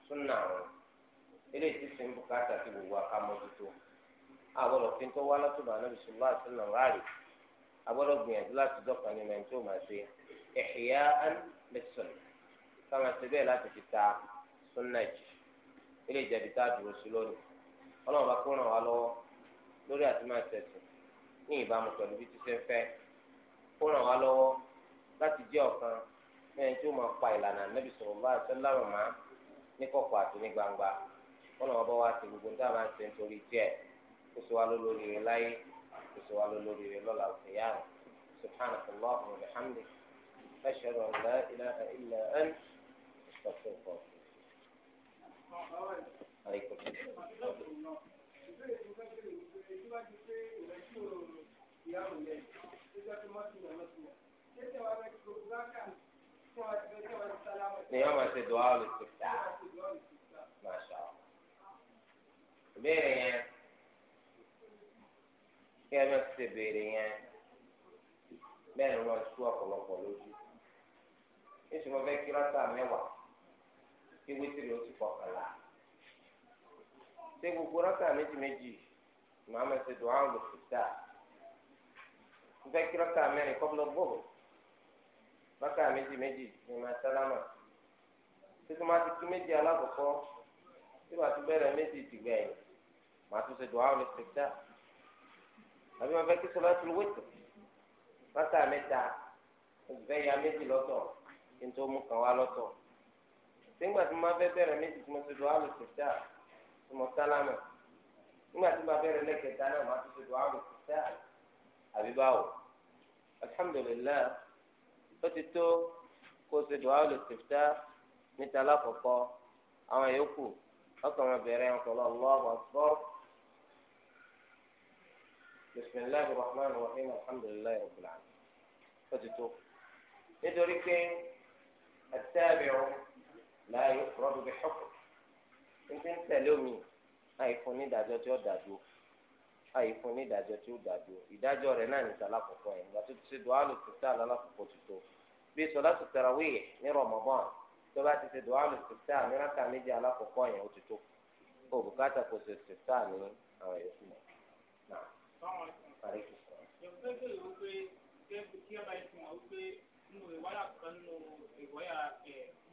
súnà ọ̀hún eléyìí ti sìn bùkátà sí gbogbo àkàmójútó. a gbọ́dọ̀ fi ń tọ́ wá látọ̀dọ̀ àná bisimilá súnà ọ̀hún àrí a gbọ́dọ̀ gbìyànjú láti dọ́kan nínú ẹni tó máa ṣe ẹ̀hìyá án lẹ́sọ̀n káwọn ṣe bẹ́ẹ̀ láti fi ta súnà jù. ilé ìjẹ̀bi tá a dúró sí lónìí ọlọ́run bá kó ràn wá lọ́wọ́ lórí àti máa ní ìbámu pẹ̀lú bí títí ń fẹ́ kó ràn wá lọ́wọ́ láti jẹ́ ọ̀kan lẹ́yìn tí ó máa pa ìlànà ní kọ̀kọ̀ àti ní gbangba ọlọ́run bá wá ti gbogbo ní táwọn àti nítorí díẹ̀ kó wá lórí láyé kó wá lórí lọ́la wa ni yóò máa ṣe dùn áwòlù tó ta masha allah ìbéèrè yẹn kí ẹ máa ṣe béèrè yẹn bẹ́ẹ̀ ni wọ́n sú ọ̀pọ̀lọpọ̀ lójú ní sùn mo kí rákà mẹ́wàá kí wítìrì ó ti kọkànlá ṣé gbogbo rákà méjì méjì màmá ṣe dùn áwọn olùfìdá nfẹ kí rákà mẹ́rin kọbílọ gbòòrò rákà méjì méjì ní ma sálámà títí máa ti kí méjì alákọ̀ọ́kọ́ tí wàá ti bẹ̀rẹ̀ méjì ìdìgbà yìí màá tún ṣe dùn áwọn olùfìdá àbí wọn fẹ́ kí sọlá tó wẹtọ rákà mẹ́ta òṣìṣẹ́ ya méjì lọ́tọ̀ kí n tó mú kàn wá lọ́tọ̀ nígbà tí mo bá fẹ́ bẹ̀rẹ̀ méjì tí mo ti do alùpùpù tí mo sálámà nígbà tí mo bá bẹ̀rẹ̀ lẹ́kẹ̀ẹ́ta náà mo ti do alùpùpù àbí báwo alhamdulilayi ó ti tó kó o ti do alùpùpù níta lákòókò àwọn yòókù ọkàn wọn bẹ̀rẹ̀ ń sọ̀rọ̀ Allahu bisimilahi rahman rahim alhamdulilayi rabbil alamin ti tó nítorí pé àtẹ́bẹ̀rún. لا يفرض بحكم انت انت لومي àìfún ní ìdájọ́ tí ó dàdúró àìfún ní ìdájọ́ tí ó dàdúró ìdájọ́ rẹ̀ náà ní sọlá yẹn nígbà tó ti ṣe dùhálù kìtà lálàkọ̀ọ̀kọ̀ tuntun bí sọlá tó tarawih ní Ramadan tó bá ti ṣe dùhálù kìtà ní rákà méjì alákọ̀ọ́kọ́ yẹn ó o kò ní àwọn Yọ̀ọ́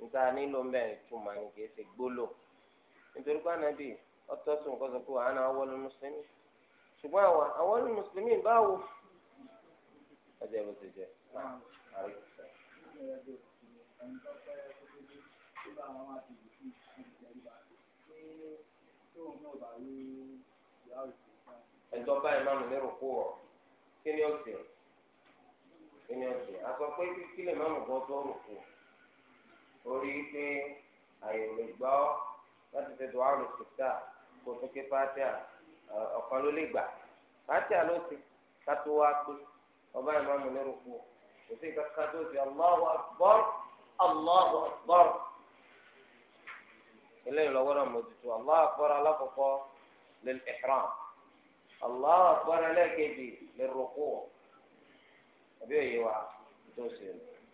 níta nílò ń bẹ̀rẹ̀ túmọ̀ ní kìí ṣe gbólò nítorí pé ànábì ọtọ́ sùn nǹkan sọ pé àánà awọ́lu mùsùlùmí ṣùgbọ́n àwọn awọ́lu mùsùlùmí báwo ọjọ́ ìbò ti jẹ ẹjọ́ báyìí máa nù lérò kó ọ kí ni ó sè kí ni ó sè àsọ pé kí lè má nù gbọ́ tó rò kó ọ. orí pé àyè lè gbọ́ láti ṣe dùwà olùsèkà kó tó ké fàtíà ọ̀kan ló lè gbà fàtíà ló ti wá pé ọba lérò kò sí tó ti Allahu Akbar Allahu Akbar eléyìí lọ́wọ́ náà mójútó Allahu Akbar Allahu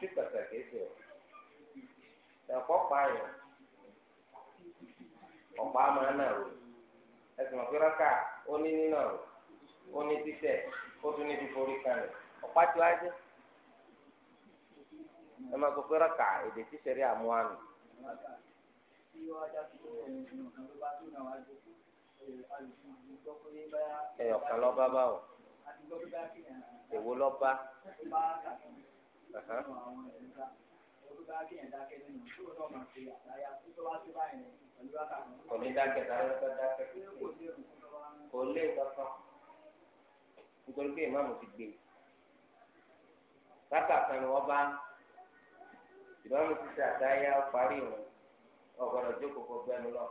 tí pàtàkì ẹsẹ̀ ẹ̀kọ́ pààyàn ọ̀pá máa nà rò ẹ̀sìn ọ̀fẹ́ràkà ó ní nínà rò ó ní títẹ̀ ó tún ní fíforí kalẹ̀ ọ̀pá tí wáá ẹ máa sọ fẹ́ràkà èdè tíṣẹ̀rí àmúhànù. ẹ̀yọ̀kan lọ́ba báwò èwo lọ́ba kò ní dákẹ́ tá a lọ́kọ́ dákẹ́ kò lé kankan nítorí pé ìmáàmù ti gbé látàkàn ni wọ́n bá ìmáàmù ti ṣe àdáyà parí ìrìn ọ̀gbọ́dọ̀ jókòó kó gbẹ́nu lọ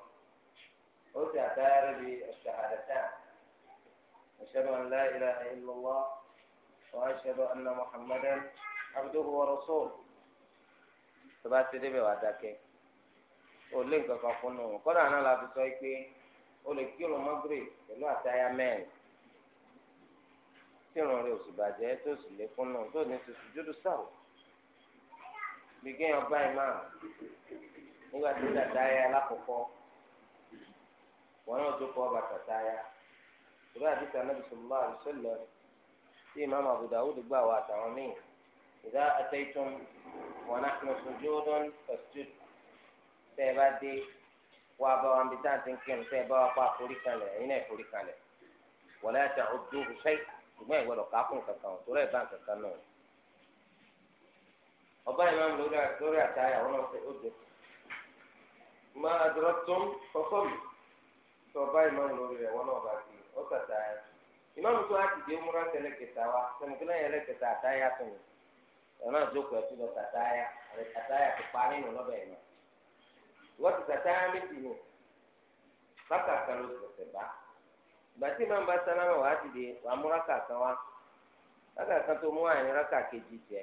ó ṣe àdáyà rẹ̀ bí ọ̀ṣà àdàtà ashhadu an la ilaha illallah wa ashhadu anna muhammadan abduhu wa rasuluhu tó bá ti débẹ̀ wà dákẹ́ ó lé nǹkan kan fún un kọ́dà náà la fi sọ pé ó lè kí òun mọ́gírì pẹ̀lú àtayá mẹ́rin tí ìrùn rẹ̀ ò sì bàjẹ́ tó sì lé fún un tó ní ti sùjúdù sáwò bí kéèyàn bá ìmọ̀ nígbà tí tàtàyà alákọ̀ọ́kọ́ wọn náà tó kọ́ ọba tàtàyà ìrọ̀ àti tànàbìsọ̀lá àdìsọ́lẹ̀ tí ìmáàmù Abu Dawud gbà wà àtàwọn míì. ìdá àtẹ̀tùm wọn náà kún sojúdùn fàṣjúd tẹ́ ẹ bá wa ń bí kalẹ̀ ẹ̀yin náà kalẹ̀ wọ́n lẹ́yìn tí a ó dúró ṣe ṣùgbọ́n ìwọ́dọ̀ kákùn kankan tó ọba yìí ẹ máa jókòó lọ tàtáyà ẹ tàtáyà ti parí nù lọ́bẹ̀ ẹ̀ wọ́n ti tàtáyà méjì nù bákà kan ló tẹ̀sẹ̀ bá ìgbà tí màá bá sálámà wàá ti di wàá mú rákà kan wá rákà kan tó mú àyìn rákà kejì jẹ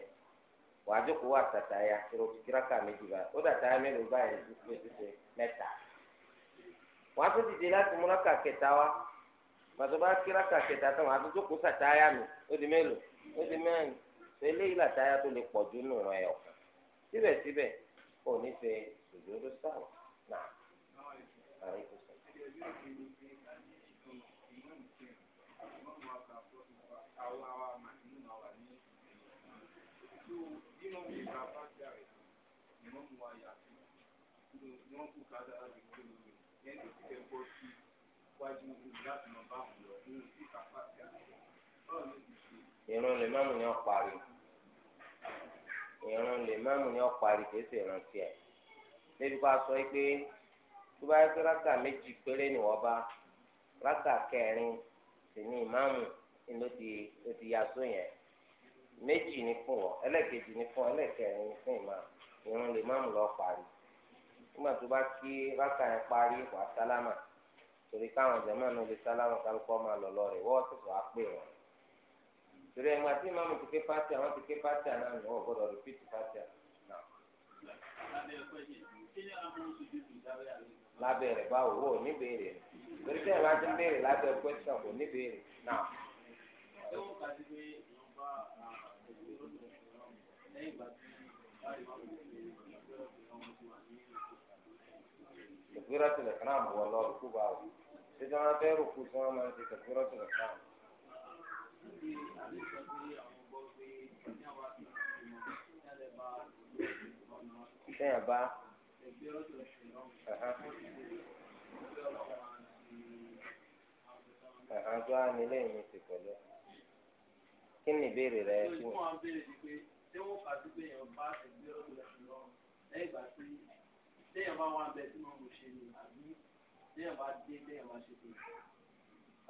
wàá jókòó wà tàtáyà ìrò ti rákà méjì báyìí ó dàtáyà mélòó báyìí ló ti ṣe mẹ́ta wàá tó láti mú rákà kẹta wá bá kí rákà kẹta tán wàá tó jókòó mi ó di mélòó ó di eléyìí làtáyà tó lè pọ̀ jù nù ẹ̀ ọ̀kan síbẹ̀síbẹ̀ kò ní ṣe sùjúdù sáwà náà àrí kò sọ. Wájú láti ìrun lè máàmù yẹn parí ìrun lè máàmù yẹn parí kìí ṣe ìrun tiẹ̀ débi kó a sọ pé tó bá yẹ kó rákà méjì péré ni wọ́n bá rákà kẹrin sì ni ìmáàmù ló ti ló ti ya só yẹn méjì ni fún ọ ẹlẹ́ẹ̀kejì ni fún ọ ẹlẹ́ẹ̀kẹrin ni fún ìmáàmù ìrun lè máàmù lọ parí nígbà tó bá kí rákà yẹn parí wà sálámà torí káwọn jẹ̀mọ́ náà lè sálámà kálukọ́ máa lọ lọ rẹ̀ wọ́n ti sọ àpè wọn. torí ẹ̀ máa tí màmú ti ké pátì àwọn ti ké àná ni wọ́n gbọ́dọ̀ rìpítì pátì àná. lábẹ́ báwo wò kwesịrị béèrè torí tẹ́ sẹ́yìn bá. àgbà ni lẹ́yìn mi ti pẹ̀lú. kí ni ìbéèrè rẹ sí mi. ṣé wọ́n fà sí pé èèyàn bá ẹgbẹ́ ọ̀dọ̀ ẹ̀sìn lọ lẹ́yìn ìgbà tí téèyàn bá wà bẹ́ẹ̀ tí wọ́n mú ṣe ni àbí téèyàn bá dé téèyàn bá ṣe tó.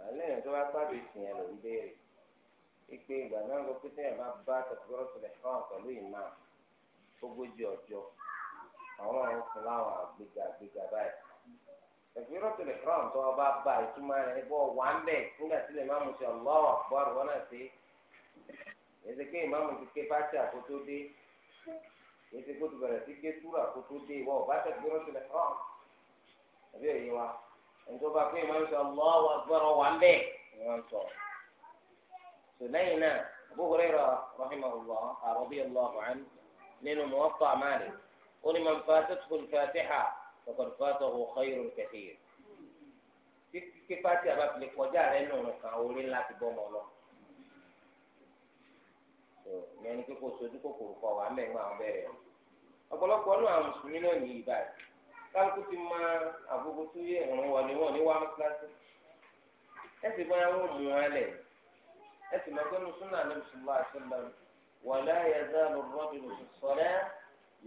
àlẹ́ yẹn tó bá pàdé ìsìn yẹn ló béèrè ipe ìgbà náà lọ pé tẹ́yà bá bá tẹ̀síwọ́rọ́ sílẹ̀ fáwọn pẹ̀lú ìmá ogójì ọjọ́ àwọn ọ̀run fún láwọn àgbéga àgbéga báyìí. tẹ̀síwọ́rọ́ sílẹ̀ fáwọn tó ọba bá ìtumọ̀ rẹ̀ bọ́ wà ń bẹ̀ nígbà sílẹ̀ máa mú sí ọlọ́wọ́ àpọ́ọ̀rù wọn náà sí. èsì pé ìmáàmù ti ké báṣẹ àkótó dé èsì kó bẹ̀rẹ̀ sí sùlẹ́yìn náà Abu Hurairah rahimahullah radiyallahu anhu nínú Muwatta Malik ó ní man fatathu al-Fatiha faqad fatahu khayrun kathir kíkí fati àbáfilẹ̀ kọjá rẹ̀ nùnú kan orí ńlá ti bọ́ mọ́ lọ ìyẹn ni kíkó sojú kòkòrò kọ wà mẹ́rin àwọn bẹ̀rẹ̀ ọ̀pọ̀lọpọ̀ ọdún àwọn mùsùlùmí náà nìyí báyìí kálukú ti ma àbúkú tó yẹ ìrànwọ́ ni wọ́n ní wàá mú kíláàsì ẹ̀sìn báyà wọ́n mú wọn lẹ̀ yìí ẹsì mẹgbẹnu súnà ní bisimilá àṣẹlẹ wàlẹ yẹzẹ lọrọdì lọsọ sọlẹ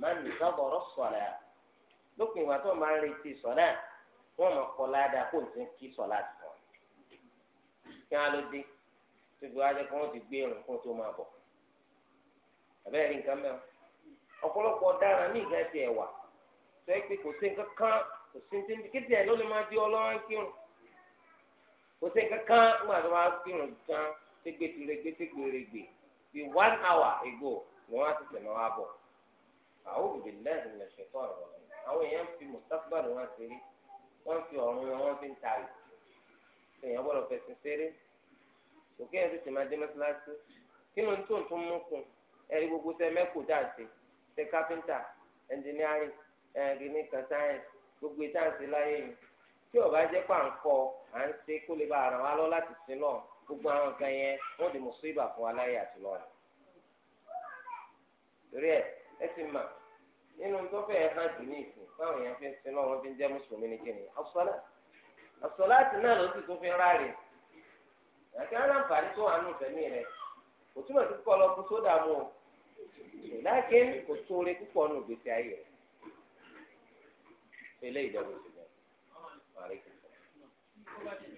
mẹni sábọrọ sọlẹ lópin ìwà tó máa ń retí sọlẹ wọn máa kọ ládàá kó n ti kí sọlá ti wọn kí wọn ló dé tó gbé wájú kí wọn ti gbé irun kó tó máa bọ àbẹ́rẹ́ nǹkan mẹ́wàá ọ̀pọ̀lọpọ̀ ọ̀daràn ní ìgbà tí ẹ̀ wà sọ pé kò sí nǹkan kan kò sí nǹkan kan kéde ló lè máa di ọlọ́run kírun kò sí nǹkan kan nígbà tó máa kírun gan tẹgbẹtìrẹgbẹ tẹgbẹrẹgbẹ bí one hour ago ni wọn ti tẹmọ wa bọ àwọn òbí lẹ́yìn lè ṣètò ọ̀rọ̀ àwọn èèyàn fi mustapha ni wọn ti rí wọn fi ọrùn wọn wọn fi ń ta ìlú èèyàn gbọ́dọ̀ fẹsẹ̀ ṣeré òkè yẹn ti tẹ máa dé mẹsàlásì kí ló ń tó nǹkan mú kun ẹ̀rí gbogbo sẹ mẹkò dáǹsì sẹ kápẹńtà ẹnjìnírìn ẹnjìnírìn kan sáyẹnsì gbogbo ìdáǹsì gbogbo àwọn kan yẹn ó di mùsíbà fún aláyé àti lọ́rùn torí ẹ ẹ ti mà nínú tó fẹ́ hàn jù ní ìsìn fáwọn èèyàn fi ń sin náà wọ́n fi ń jẹ́ mùsùlùmí ní kíni àṣọlá àṣọlá ti náà ló sì tún fi ń ráàlì àti aláǹfààní tó hànú fẹ̀mí rẹ̀ kò túmọ̀ sí kọ́ lọ sódà mu o láàkín kò tóore púpọ̀ nù gbèsè ayé rẹ̀ eléyìí dàgbò sí i.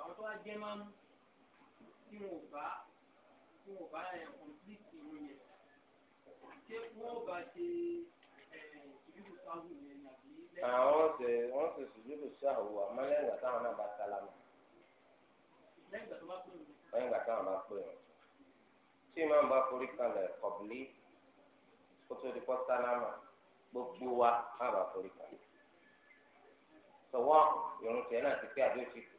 àwọn tó wá jẹ́ máa mú tí wọn ò bá tí wọn ò bá ẹ̀ kọ̀ǹpìlìtì ìlú yẹn ṣé wọ́n bá ṣe ṣùjúbù sáwù yẹn ni àbí lẹ́yìn. àwọn ah, ṣe wọ́n ṣe ṣùjúbù sáwù àmọ́ lẹ́yìn ìgbà táwọn náà bá sálámù. lẹ́yìn ìgbà tó bá pè wọ́n. lẹ́yìn ìgbà táwọn bá pè wọ́n. tí ìmáàmù bá forí kalẹ̀ kọ̀bìlì kó tó di kọ́ sálámù gbogbo wa má bàa forí kalẹ̀. sọ̀wọ́ ìrùn tiẹ̀ náà ti pé àdéhùn ti p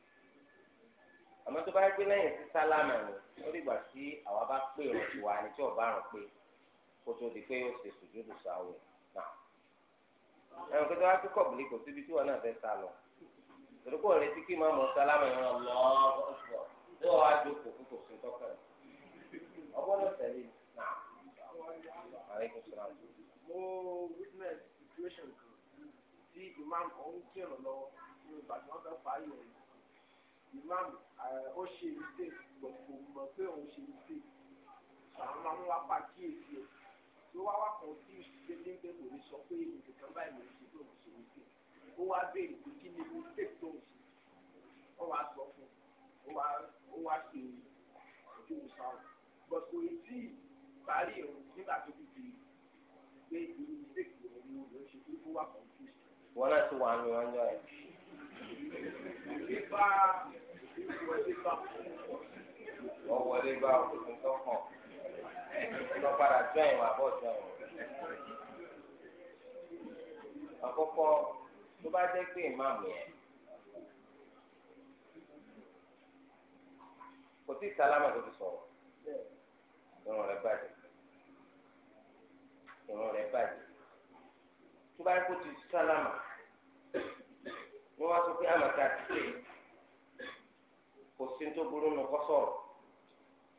àmọ́ tó bá yẹ pé lẹ́yìn sí sálámà ni ó dìgbà tí àwa bá pè ọ̀rọ̀ tiwa ni tí ọ̀bá rùn pé kó tó di pé yóò ṣe sùjúdù sáwẹ̀ náà. ẹ̀rọ kí tó bá kíkọ̀ bìlì kò síbi tí wọn náà fẹ́ sá lọ. ìdókòwò rẹ ti kí máa mọ sálámà yẹn lọ tó wàá jókòó fún kò sí tọ́kàn ọgbọ́n ló tẹ̀lé náà. mo witness situation kan tí imam ọ̀hún kírun lọ ní ìgbà tí wọ́n fẹ́ fà á yẹn imam eh, ó ṣe mistake but kò mọ̀ pé òun ṣe mistake àwọn máa ń wá pa kíyèsí ẹ̀ tí ó wá wá kan tí ìṣẹ́lẹ̀ ń bẹ̀ kò ní sọ pé nǹkan báyìí ló ṣe tó ń ṣe mistake ó wá béèrè pé kí ni mistake tó ń ṣe ó wá sọ fún ó wá ó wá ṣe ojú ìṣàwọ̀ but kò tí ì parí ẹ̀rù nígbà tó fi di pé irú mistake ló ń ṣe tó wá confused. wọ́n náà ti wà ní ọjọ́ ẹ̀ nípa ìwọlé bá wọ́n wọlé bá òkùnkùn tó hàn lọ padà jọ ìwà bọ́ jọ ìwà. àkọ́kọ́ tó bá jẹ́ pé ìmáàmù yẹn kò tí ì sálámà tó ti sọ̀rọ̀ ìrun rẹ̀ bàjẹ́ ìrun rẹ̀ bàjẹ́ tó bá yẹ kó ti sálámà wọ́n wá sọ pé àmàtà tìlẹ kò sí tó burú nù kọ sọ̀rọ̀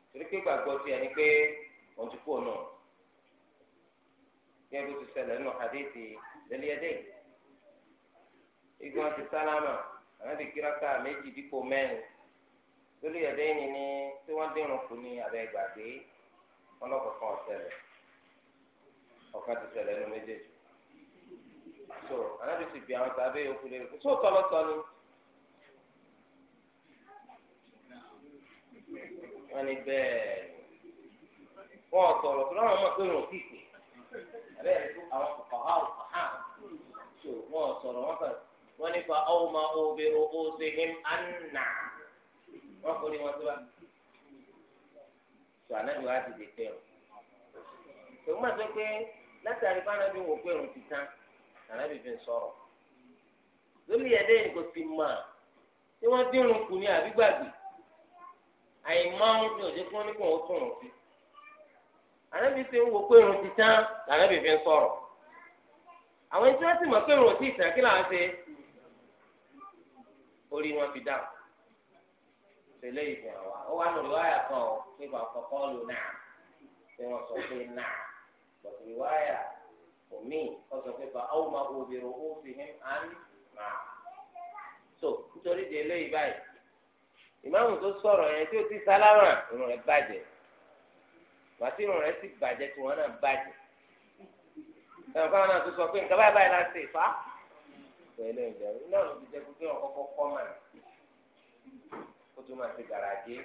torí pé gbàgbọ́ ti ẹni pé wọ́n ti kú ọ náà kí ẹbí ti ṣẹlẹ̀ nù àdéhìí lẹlẹ ẹdẹ igun àti sálámà àwọn ti kíráka méjì dípò mẹ́rin lórí ẹdẹ yìí ni tí wọ́n dẹrùn kù ní abẹ gbàgbé ọlọpàá kan ọsẹlẹ ti ṣẹlẹ̀ nù méjèèjì so anábì sì bí àwọn tàbí yòókù lè kó sóòtọ́ lọ́tọ́ ni. wọ́n ní bẹ́ẹ̀ wọ́n sọ̀rọ̀ tó láwọn ọmọ pé wọn ò kí pè abẹ́ ẹ̀ tó àwọn kọ̀ọ̀há ọ̀há so wọ́n sọ̀rọ̀ wọ́n kàn wọ́n nípa ọ̀hún máa ó bẹ̀rù ó ṣe him anna wọ́n kò ní wọn tó bá so anábì wa ti dè pé o tòun máa fẹ́ pé látàrí fáwọn ẹbí wò pé òun ti tán. ànábì fi ń sọ̀rọ̀ lórí ẹ̀dẹ́ ìgò ti mọ̀ tí wọ́n dínrùn kù ní àbígbàgbé àìmọ́ ń fi òjò fún nípò ó tún òfin ànábì ti ń wo pé irun ti tán lànábì fi ń sọ̀rọ̀ tí sì pé irun kí làwọn ṣe orí wọn fi dáhùn tẹlẹ ìfẹ́ wa ó wà lórí wáyà kan ó pé bàbá kọ́ lò sọ omi ọsọ pípa àwọn ọmọ obìnrin ó fi him and ma so nítorí di eléyìí báyìí ìmáàmù tó sọ̀rọ̀ yẹn tí ó ti sálámà irun rẹ̀ bàjẹ́ wàtí irun rẹ̀ sì bàjẹ́ tí wọ́n náà bàjẹ́ ẹ̀rọ káwọn náà tó sọ pé nǹkan báyìí báyìí la ṣe fa pẹ̀lú ìjà rẹ̀ náà ló ti jẹ́ pé wọ́n kọ́kọ́ kọ́ mà kó tó máa ti gàràjé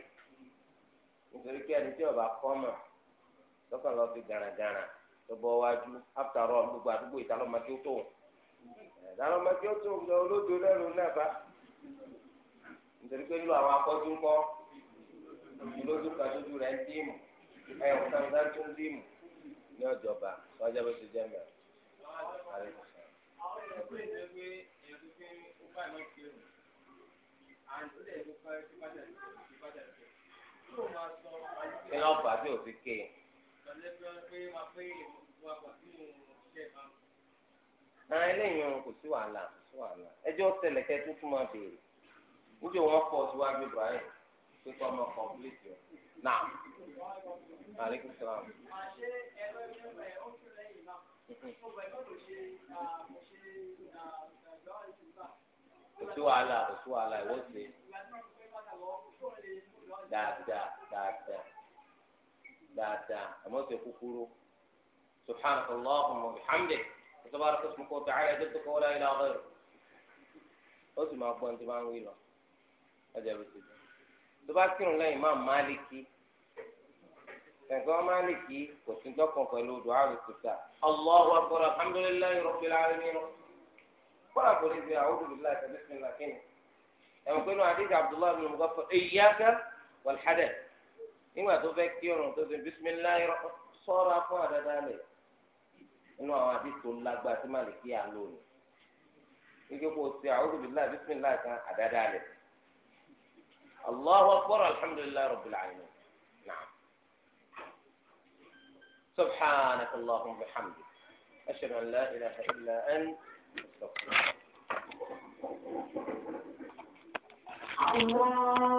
nítorí pé ẹni tí ọba kọ́ mà lọ́kàn lọ́ọ́ fi gàràgàrà lọ́bọ̀ wájú after all gbogbo àdúgbò ìtàlọ́mọdé tó wọn ìtàlọ́mọdé tó wọn olódo lẹ́nu náà bá nítorí pé nílò àwọn akọ́jú ńkọ́ ìlójú kadúdú rẹ̀ ń dìímù ẹ̀ ọ̀sán tó ń dìímù ní ọ̀jọ̀ba sọ́jà bó ti jẹ́ mẹ́rin. àwọn ẹgbẹ́ ìjọba ẹ̀rù pé ó bá tí o fi ké àwọn ah, eléyìí wọn kò sí wàhálà kò sí wàhálà ẹjọ́ tẹ́lẹ̀ kẹ tó tún máa béèrè níjọ wọn kọ síwájú Ibrahim pé kó ọmọ kọmpléètì ọ náà àríkùn sọlá. kò sí wàhálà kò sí wàhálà ìwọ ṣe dáadáa dáadáa dáadáa àmọ́ ṣe kúkúrú. سبحانك اللهم وبحمدك تبارك اسمك وتعالى جدك ولا اله غيرك اسمع ابو انت ما نقول اجاب السيد تبارك الله امام مالكي كما مالكي وشنت لكم قالوا دعاء الاستفتاء الله اكبر الحمد لله رب العالمين قل اقول اعوذ بالله بسم الله كنا لما كنا حديث عبد الله بن المغفر اياك والحدث إما تفكرون تقول بسم الله رب صار فاد ذلك nínú àwọn àdìsó lágbá tí kí à ń lò ní. ike kò sí a'udhu billahi bismillah kan àdáadáa rẹ̀. allahu akbar alhamdulillahi rabbil alamin naam. subhanaka allahumma wa bihamdik ashhadu an la ilaha illa ant astaghfiruka. Allah